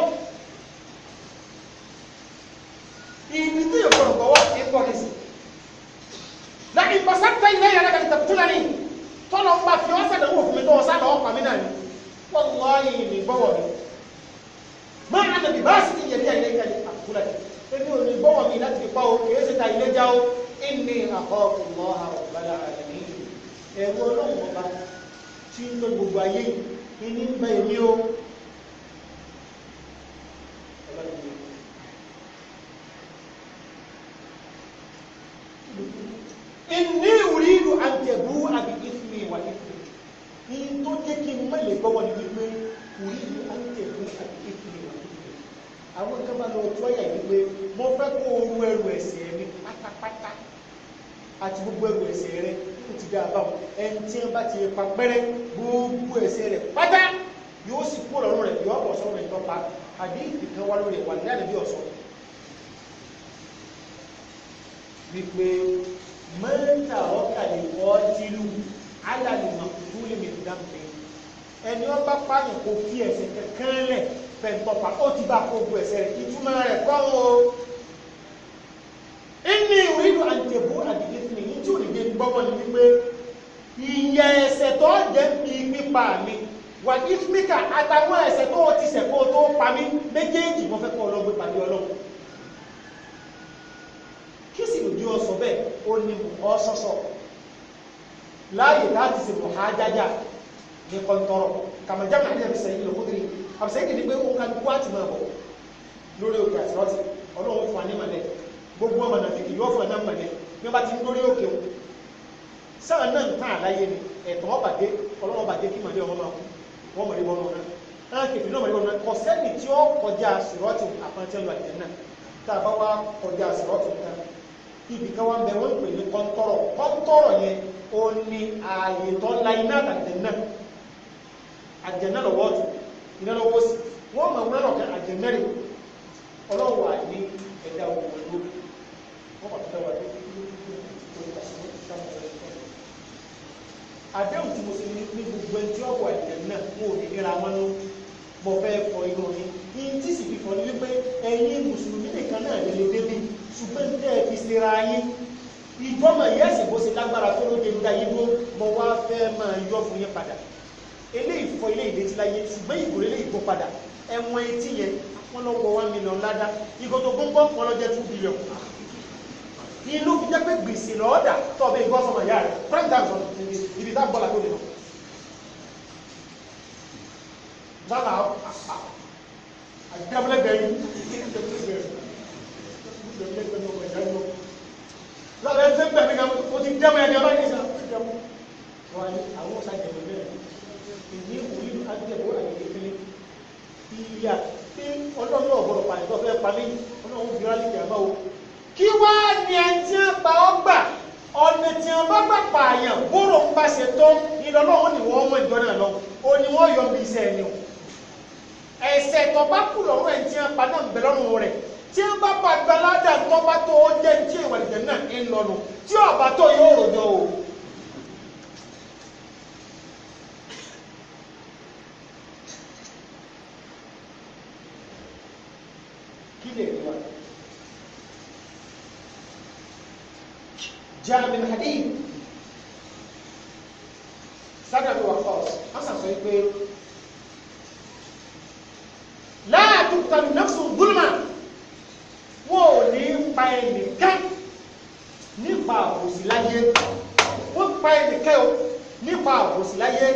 A: ní àkọ́ọ̀kùn mọ́ àrọ̀bálà àdàní ẹ̀wọ́ ọlọ́run ọba tí ń gbé gbogbo ayé yìí bẹ́ẹ̀ ní ó pa pẹ́rẹ́ gbogbo ẹ̀ṣẹ̀ rẹ̀ pátá yóò sì kú ọ̀rọ̀ rẹ̀ yóò bọ̀ sọ́rọ̀ ìtọ́ pa àbí ìkan wá lórí ẹ̀wà ní àdébí ọ̀sọ́ wípé mẹ́ta ọ̀kà lè kọ́ tìlú alàlùmọ̀ tó lè mi dáńpé ẹni ó bá pààyàn kò fi ẹ̀ṣẹ̀ kankan lẹ̀ pẹ̀ntọ́pa ó ti bá gbogbo ẹ̀ṣẹ̀ rẹ̀ ìtumọ̀ rẹ̀ kọ́ o inú ìrìnà àjẹbó àdìgbẹ́sìn ní tí ò ní gbé gbọ́mọ́ ni wípé tó jẹ́ bí pípa mi wà ní smika àtàwọn ẹ̀ṣẹ̀ tó ti ṣẹ̀ kó tó pa mí méjèèjì mo fẹ́ kọ́ ọlọ́gbé pàdé ọlọ́run kí sì lòdì ọsọ bẹ́ẹ̀ ó ní ọsọsọ láàyè láti ṣe mọ̀ ha jájá ní kọ́ńtọ́rọ̀ kàmájáma ní ẹ̀mí sẹ́yìn ló kúndìrí àbísẹ́yìn ni pé ó ká gbogbo àti máa bọ̀ lórí òkè àtìrọ́tì ọlọ́run fún wa ní màlẹ́ gbogbo ọmọ nàfìkì yóò fún wa ní màlẹ́ bí wọ́n bá ti ń lórí òkè òkè sáà náà ń tàn àláyé ni ẹ̀tọ́ ọ̀bàdé ọlọ́wọ́ bàdé kí màdé ọmọ máa kú wọ́n mọ̀lẹ́ wọn náà náà kẹfì náà mọ̀lẹ́ wọn náà kọ sẹ́ni tí ó kọjá sùrọ́ọ̀tì àpáńtẹ́lu àjẹ́ náà tá a bá wá kọjá sùrọ́ọ̀tì náà ibì kan wá ń bẹ wọ́n pè ní kọ́ńtọ́rọ̀ kọ́ńtọ́rọ̀ yẹn ó ní ààyè tó la iná àtàjẹ́ náà àjẹ́ náà lọ́wọ́ ọ̀tún iná lọ́wọ́ sí wọ́n mọ̀ wúlọ́ lọ́kẹ́ àjẹ́ mẹ́rin ọlọ́wọ́ àní ẹ̀dá òwò lóbi wọ́n pàtó dáwà lóbi lóbi lóbi lóbi àdéhùn tí mo sì ní ní gbogbo ẹni tí ó wọ ẹ̀jẹ̀ náà mo ò ní nira wọn nú mo fẹ́ fọ irun mi ní tí sì fi fọ ní wípé ẹ̀yin mùsùlùmí nìkan náà lè lè débi ṣùgbọ́n tẹ́ ẹ fi ṣera yín ìgbọ́mọ̀ yẹ́sì bó ṣe lágbára tó lóde ń da yín ló mo wá fẹ́ máa yọ fún yín padà eléyìí fọ ilé ìdẹ́tí láyé ṣùgbọ́n ìgòrè eléyìí gbó padà ẹ̀wọ̀n etí yẹn wọ́n lọ́wọ́ one million ládàá ìgò tó gbọ́ngbọ́n wọn jẹ́ two billion ní ló fi jẹ́ pé gbèsè lọ́ọ́dà tó ọbẹ̀ ìgbọ́ sọmọ ìyá rẹ̀ prime time sọ ibi tá bọ́lá lónìí lọ. lọ́la àjẹmọ́lẹ́gbẹ̀ẹ́ yìí lọ́la ẹ̀sẹ̀ bẹ̀rẹ̀ mi kan mo ti dẹ́mu ẹni ọlá yìí sàn ti dẹ́mu. wọ́n ní àwọn ọ̀sán jẹ̀mọ́ bẹ́ẹ̀ ìdí òní àjẹmọ́ àyẹ̀kẹ́ kẹ́lẹ́ ìyá tí ọlọ́run ọ̀gbọ̀n pàṣẹ tó fẹ́ palẹ́ ọlọ́run fi rálẹ̀ kẹ́ kí wá ní ẹni tí wọ́n pa ọ́ gbà ọ̀nà tí wọ́n bá gbà pààyàn bóró ń bá ṣe tó ìlọ́lọ́wọ́ ni wọ́n mọ ìjọ náà lọ ó ní wọ́n yọ bí iṣẹ́ ẹni o ẹ̀sẹ̀ tó bá kù lọ́rùn ẹ̀ tí wọ́n pa náà bẹ̀ lọ́rùn rẹ̀ tí ń bá bá gbalada tó bá tó ó jẹ́ tí ìwà ìjẹ́ náà ń lọ́nu tí ọba tó yóò ròjọ́ o. kí lè rí wa. جاء من حديث سعد بن وقاص حسن sọ pé لا تقتل نفس ظلما wọn ò ní pa ẹnìkan nípa àbòsí láyé wọn pa ẹnìkan o nípa àbòsí láyé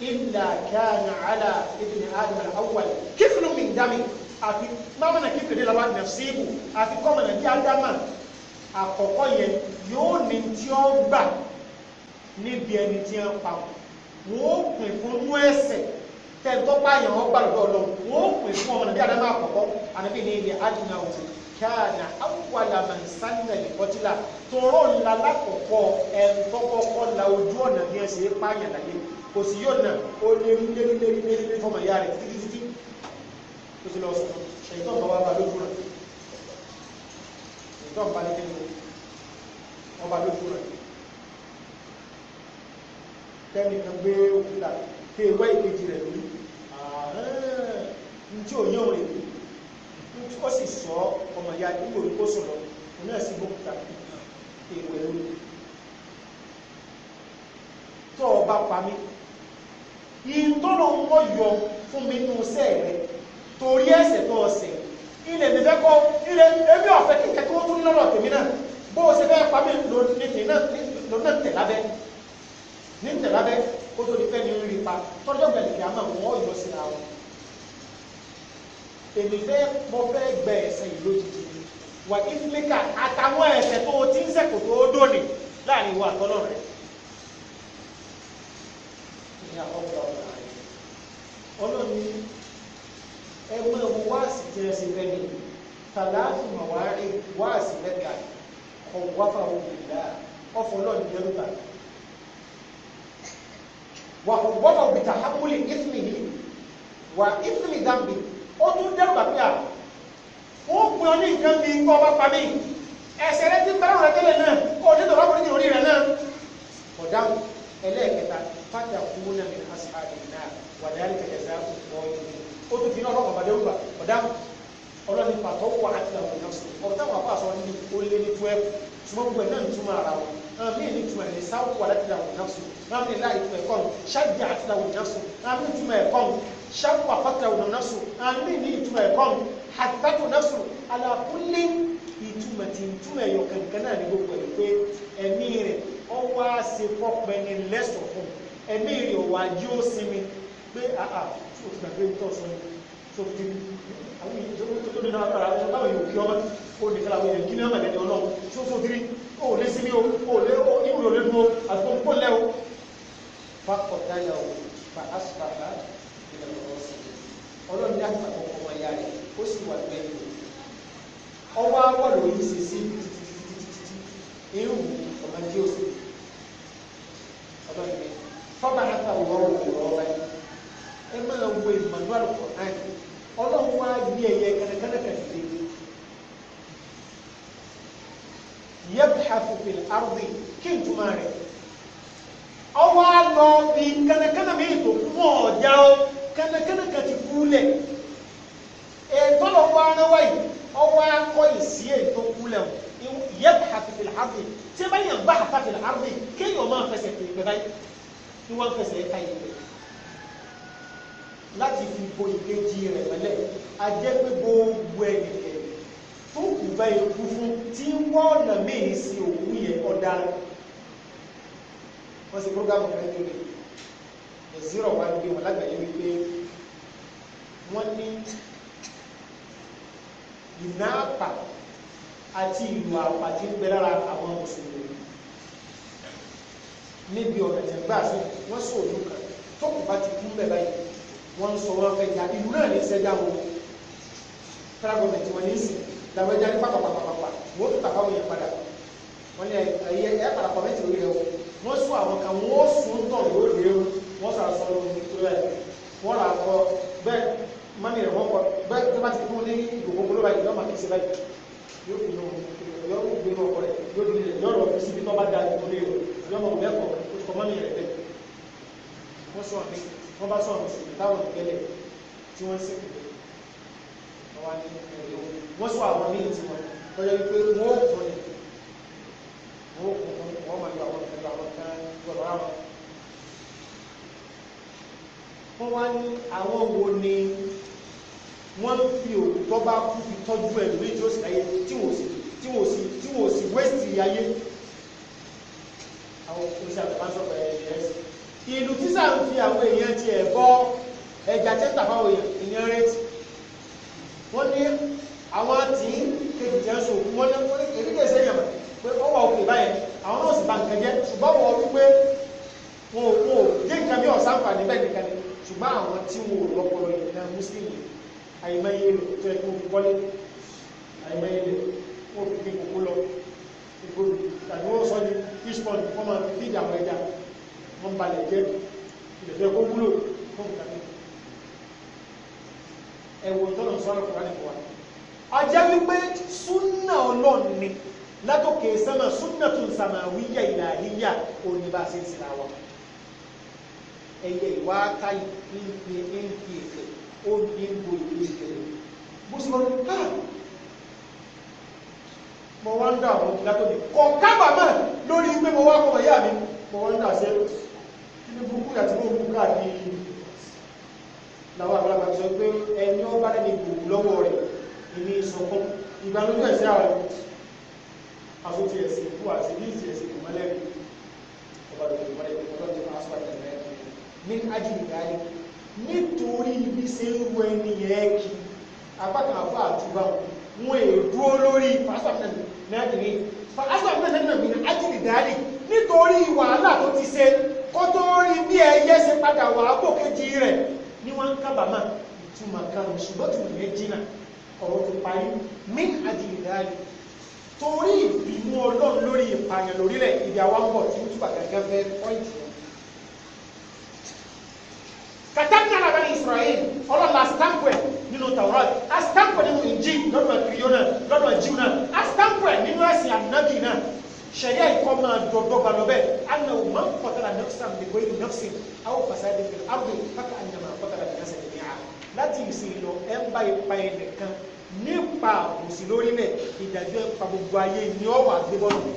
A: إلا كان على ابن آدم الأول كفل من دمه àfi máa mọ̀nà kíkèrè lọ́wọ́ nafsibu àfi kọ́mọ̀nà bí ádámà àkọ́kọ́ yẹn yóò ní tí ó gbà níbi ẹni tí ó ń papọ̀ wọ́n ó pè fún ní ẹsẹ̀ tẹ́ntọ́ pààyàn ọgbà lọ́dọ̀ lọ wọ́n ó pè fún ọmọ nàbí àdámà àkọ́kọ́ ànábì ní ilẹ̀ adìmọ̀ òtún kana awala man sanna likotila toro ńlá lákòókò ẹnkọkọkọ la ojú ọ̀nà bí ẹ ṣe é pààyàn láyé kò sí yóò nà ó lérí lérí lérí lérí lérí fọmọ ìyá rẹ títí títí tó ti lọ sọ ṣèyí tó ń bá wa bá lójú rẹ ṣèyí tó ń bá ní ọba ló fún rẹ̀ tẹ́nìkan gbé òkúta tí ewé ìkejì rẹ̀ lórí ntí ò yóò rè ntí ó sì sọ ọmọ ìyá nígbò ní kó sùn lọ òun náà sì gbókúta èèwọ̀ ẹ̀rọ tó ọba pa mí ìtọ́nà ń wọ́ yọ fún mi nù sẹ́ẹ̀rẹ́ torí ẹ̀ṣẹ̀ tó ọ̀sẹ̀ ilẹ̀ mi fẹ́ kọ́ ilẹ̀ ẹbí ọ̀fẹ́ kíkẹ́ tó tún lọ́rọ̀ tèmi náà bó o ṣe fẹ́ pamẹ́ lónìí náà tẹ̀ lábẹ́ ní tẹ̀ lábẹ́ ó tó di pẹ́ ní orí pa tọ́jọ́ gbẹ̀lẹ̀ kí a máa wọ́n ìlọ sí ara wọn èmi fẹ́ mo fẹ́ gbẹ ẹ̀sẹ̀ ìlójijì wà ìfúnlẹ́kà àtàwọn ẹ̀sẹ̀ tó o ti ń sẹ̀kò tó o dóni láàrin ìwà àtọ́nà rẹ̀ ní àkọ́kọ́ ọ̀nà rẹ̀ ọlọ́ni ẹgbẹ́ wọn wáàsì tí ẹ sì fẹ́ ni tàlàtù màwárí wáàsì mẹ́ta ni ọ̀wọ́fà òbílá ọfọlọ́ọ̀dì dẹ́rùbà wà ọ̀wọ́fà òbítà hábúlì ìfìmì yìí wà ìfìmì dàmbì ó tún dẹ́rùbà pé à ó pin ọ ní nǹkan bíi nǹkan ọba pa mí ẹsẹ̀ rẹ ti bẹ́rẹ̀ rẹ tẹ́lẹ̀ náà ó ní tọ́lá kùnrin orí rẹ náà ọ̀dáhùn ẹlẹ́ẹ̀kẹta fàtà kúrú náà ní asáàdì náà wà dáhùn kẹ̀kẹ́ sáà ó tún fi náà ọlọ́kọ̀ọ́ ọlọ́ni pàtó wà á ti àwọn èèyàn sùn ọ̀tá wà fà ní o lé ní twelve ṣùgbọ́n gbogbo ẹ̀ náà ìtumọ̀ ara wọn àwọn míì ní ìtumọ̀ ẹ̀ sáwọ́ wà láti àwọn èèyàn sùn àwọn míì láì ìtumọ̀ ẹ̀kọ́ ṣáàjì àti àwọn èèyàn sùn àwọn míì ìtumọ̀ ẹ̀kọ́ ṣáàjì wà fàtà àwọn èèyàn sùn àwọn míì ní ìtumọ̀ ẹ̀kọ́ àtàtò náà sùn alákúnlé ìtumọ̀ tí ìtumọ̀ ẹ̀yọ kankan náà ní gbogbo ẹ̀ pé o ti gbàgbé tó fi àwọn ìjọba tó dé náà tara ọjọ́ báwọn yóò kí ọmọ ó lè kára àwọn èèyàn kí ní ọmọ ẹ̀dẹ̀ ọlọ́run tó tó kiri ó lé sí ní ó lé ó ìwúrò lé dúró àti kó kó lẹ́ o. fakọ dáyà o fa asùpàpà ìlànà ọ̀sẹ̀ ọlọ́run ní àgbà kọ̀ọ̀kan wọn ya rẹ̀ ó sì wà lẹ́yìn ọwọ́ awọ́ lòun sì sí irú ọmọdé òsì ọlọ́run fọ́bàrà ta òwúrọ̀ òwúrọ̀ ọ̀bẹ pẹ̀lú àlùkò náà ọlọ́run wá gbé ẹ̀yẹ kẹ̀lẹ́kẹ̀lẹ́ dìde yabhafu fil ardi kí n túmọ̀ rẹ̀ ọwọ́ àlọ́ bí kẹ̀lẹ́kẹ̀lẹ́ mi tó kú mọ́ ọ̀já o kẹ̀lẹ́kẹ̀lẹ́ kan ti kú lẹ̀ ẹ̀tọ́lọ̀ wá náwá yìí ọwọ́ akọ ìsí ètò kú lẹ̀ yabhafu fil ardi tí ẹ bá yàn bá àtàfẹ́ àrùn kéèyàn máa fẹsẹ̀ pè báyìí láti fi bo ìkejì rẹ̀ mẹ́lẹ̀ a jẹ́ pé gbogbo ẹnìkẹ́ tó kù bá ikú fún tí wọ́n ọ̀nà míì sí òkú yẹn ọ̀daràn wọ́n sì program rẹ̀ tó lè zero one gbé wọn lágbàáyé wípé wọ́n ní ìná àpà àti ìlú àpà tí ń bẹ lára àwọn mùsùlùmí níbi ọ̀nà ìjẹ̀gbà sí wọ́n sọ òdùn kan tó kù bá ti kú mẹ́ báyìí wọ́n sọ wọ́n fẹ́ jà ìlú náà ní sẹ́jà wọn federal government wọn ní sìn làwọn ẹja ní pàpàpàpàpà wọ́n tó tàpá wọn yẹn padà wọ́n ní ẹ̀yẹ ẹ̀ padà kọ́mẹ́tì lórí rẹ̀ wọ́n sún àwọn kan wọ́n sún tọ̀ lórí rẹ̀ wọ́n sàrọ̀ sọ lórí tó rẹ̀ wọ́n rà kọ bẹ́ẹ̀ mọ́nì rẹ̀ wọ́n kọ bẹ́ẹ̀ tó bá ti fún ní ìgbòkógbó ló báyìí lọ́mà kìí ṣe báyìí yóò fi nù yọrù gbé nù ọkọ rẹ̀ yóò di rẹ̀ yọrù ọ̀fi síbi tó bá da ìgbòkógbó rẹ̀ yọmọ òbẹ́kọ̀ kọ́mọ́nì rẹ̀ bẹ́ẹ̀ wọ́n sún àmì wọ́n bá sọ̀rọ̀ mùsùlùmí táwọn ìgbẹ́lẹ̀ tí wọ́n sì kùn wọ́n sọ àwọn míì tí wọ́n tọ́jọ́ wípé wọ́n ò kún ní wọ́n ò kún fún wọ́n máa lo àwọn ìgbà àwọn kan gbọ́dọ̀ àwọn. wọ́n wá ní àwọn wo ni wọ́n ń fi òkú tó bá kú fi tọ́jú ẹ̀ lórí tí ó sì láyé tí wọ́n sì tí wọ́n sì tí wọ́n sì wẹ́sì ayé. àwọn oníṣẹ́ àgbà bá ń sọ̀rọ̀ ẹ̀ ẹ̀ ẹ̀ sí ìlú tí sáà ń fi àwọn èèyàn ti ẹ̀ bọ́ ẹja tí ń tàbá èèyàn retí wọ́n ní àwọn tí kejì jẹ́ sòkú wọ́n ní èdèkè sẹ́yìn àmà pé ó wà òkè báyẹn àwọn náà sì bá nǹkan jẹ́ ṣùgbọ́n wọ́n wípé wọn ò wọn ò dé nǹkan bí ọ̀sán fà níbẹ̀ nìkan ni ṣùgbọ́n àwọn tí wọn ò lọ́pọlọ yẹn náà mùsùlùmí àyèmáyé rẹ̀ tó yẹ kó kọ́lé àyèmáyé rẹ̀ ó fi kókó lọ ìgbòho tàbí wọ́n sọ ní fishpond wọ́n máa fi ìjà ẹja wọ́n balẹ̀ jẹ́ ìdẹ̀fẹ́ kó wúlò fún ìdàgbé ẹ̀wọ̀n tọ́lọ̀ sọ́rọ̀ kọ̀ọ̀rọ̀ nìkan wa ajá wípé súnà ọlọ́run ni látòkè sẹ́mà súnà tó ń sàmà wíyà ìlàhíyà òní bá ṣe ń sinà wa ẹ̀yẹ ìwà táyì ń fi ń fi ètè ó ń fi ń bo ìlú ètè bó sì wọ́n ká ah! mo wá ń dà wọ́n látòkè kọ̀ kábàámà lórí pé mo wá kọ̀ ọ̀yà mi mo wá ń dà sẹ́yìn ní burúkú àti ní òkú káàkiri làwọn àgbàlagbà sọ pé ẹni ọba lẹ́ni gbòòrò lọ́wọ́ rẹ̀ ìní ìsọkún ìgbàlódé ẹ̀sẹ̀ àwọn asòtì ẹ̀sìn kú àti ní ìsìn ẹ̀sìn ìmọ̀lẹ́rì ọba lọ́wọ́ ìmọ̀lẹ́rì ọlọ́run ti máa sọ àti ẹ̀mẹ́ ní ájú ìdáyé nítorí ibi ṣe ń wọ ẹni yẹn kí apá kan àfọ àtúbà wọn èdúró lórí pásítọ̀ náà ní pásítọ̀ náà ní ájú ìdáyé nítorí wàhálà tó ti ṣe kó tó rí bí ẹyẹ ṣe padà wà á gbòkejì rẹ̀ ni wọ́n ń kábàámà ìtumọ̀ kan ṣùgbọ́n tùmọ̀ yẹn jìnnà ọ̀rọ̀ tó parí mí àdìrẹ́lẹ̀ torí ìbínú ọlọ́run lórí ìpààyàn lórílẹ̀ ìdí àwọn ọmọ tí ń túbà gẹ́gẹ́ fẹ́ pọ́ìntì yẹn. kàtàkì alábẹ́ Israel ọlọ́run astampu ẹ̀ nínú Taurat astampu ẹ̀ nínú Injil lọ́dọ̀ kìrìyó náà lọ́dọ̀ jíw náà astampu ẹ̀ nínú ẹ̀sìn ànábì náà sariya yi kọ́ máa dọ̀ dọ́gba lọ bẹ́ẹ̀ ana o máa ń kọ́tara nafsan de gbẹ́yìn nafsan aw fasadi fil ardi faka anyama kọ́tara nafsan de ní a láti ìsìn lọ ẹ̀ ń bá ipa yẹn nìkan nípa àbùsí lórí lẹ̀ ìdájọ́ ipa gbogbo ayé ni ọ wà gbé bọ́ọ̀lù.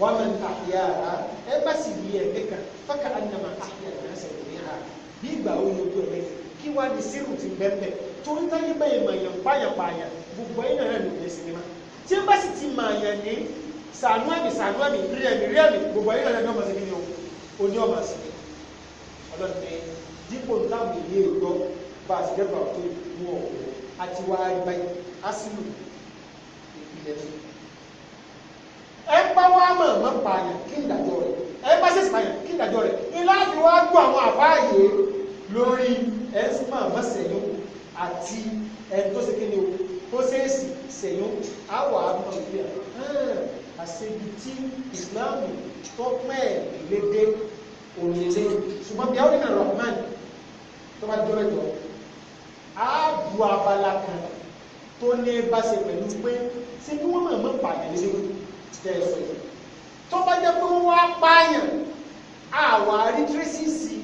A: wọ́n máa ń àyà ara ẹ bá sì yí ẹ̀ nìkan faka anyama àyà nafsan de ní a bí ìgbà ó yẹ ojú ẹ̀ lẹ́yìn kí wàá ní sírù ti bẹ́ẹ̀ bẹ́ẹ̀ torí táyé bẹ́ẹ̀ mọ̀ yẹn pààyàn pààyàn gbogbo ayé náà rẹ̀ ló tí n bá sì ti mà yàn ní sànú àmì sànú àmì rí ẹ̀mí rí ẹ̀mí gbogbo ayé lọ́dọ̀ ní ọmọ sí kíni o ó ní ọmọ sí ọlọ́dẹ dípò táwọn èyí gbọ́ bá a sì dẹ́gbà tó mú ọ̀ àti wá báyìí asínú ìpìlẹ̀ tó. ẹ bá wá mọ̀ mọ́ pààyàn kí n dàjọ́ rẹ̀ ẹ bá sì pààyàn kí n dàjọ́ rẹ̀ ilá fi wá gbọ́ àwọn àbáyé lórí ẹ̀sìn mọ̀ mọ́sẹ̀yìn àti ẹ̀ tó ṣe pósẹ́sì sẹ̀yún àwọ̀ àmọ́ ìgbé àṣebi tí ìsìláàmù tó pẹ́ lédè òrìlé ṣùgbọ́n bí áwọ̀nà rahman tó bá jọ ẹ̀jọ̀ ààbò abala kan tó ní bá ṣe pẹ̀lú pé ṣé bí wọ́n mọ̀ mọ́ pàdé lé tẹ̀sọ̀ tó bá jẹ́ pé wọ́n wá pààyàn àwọ̀ àrí tírísìsì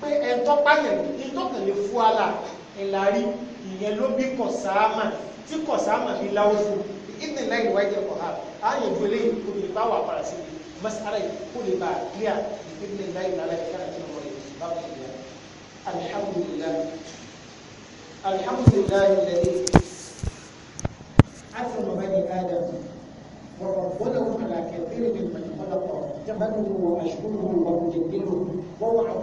A: pé ẹ̀tọ́ pààyàn ní tọ́kànlé fúalà ìlàrí ìyẹn ló bí kọ̀sáàmà tí kọ̀sáàmà fi láwọ́ fún ìdí náà ìwà ìjẹ́ kọ̀ ha ààyè ju eléyìí kò lè bá wà padà sí masara yìí kò lè bá kílíà ìdí náà ìlà ìlà ìlà ìlà ìlà ìlà ìlà alhamdulillah alhamdulillah alladhi akrama bani adam وفضلهم على كثير ممن خلق بل هو اشكره ومجدده وهو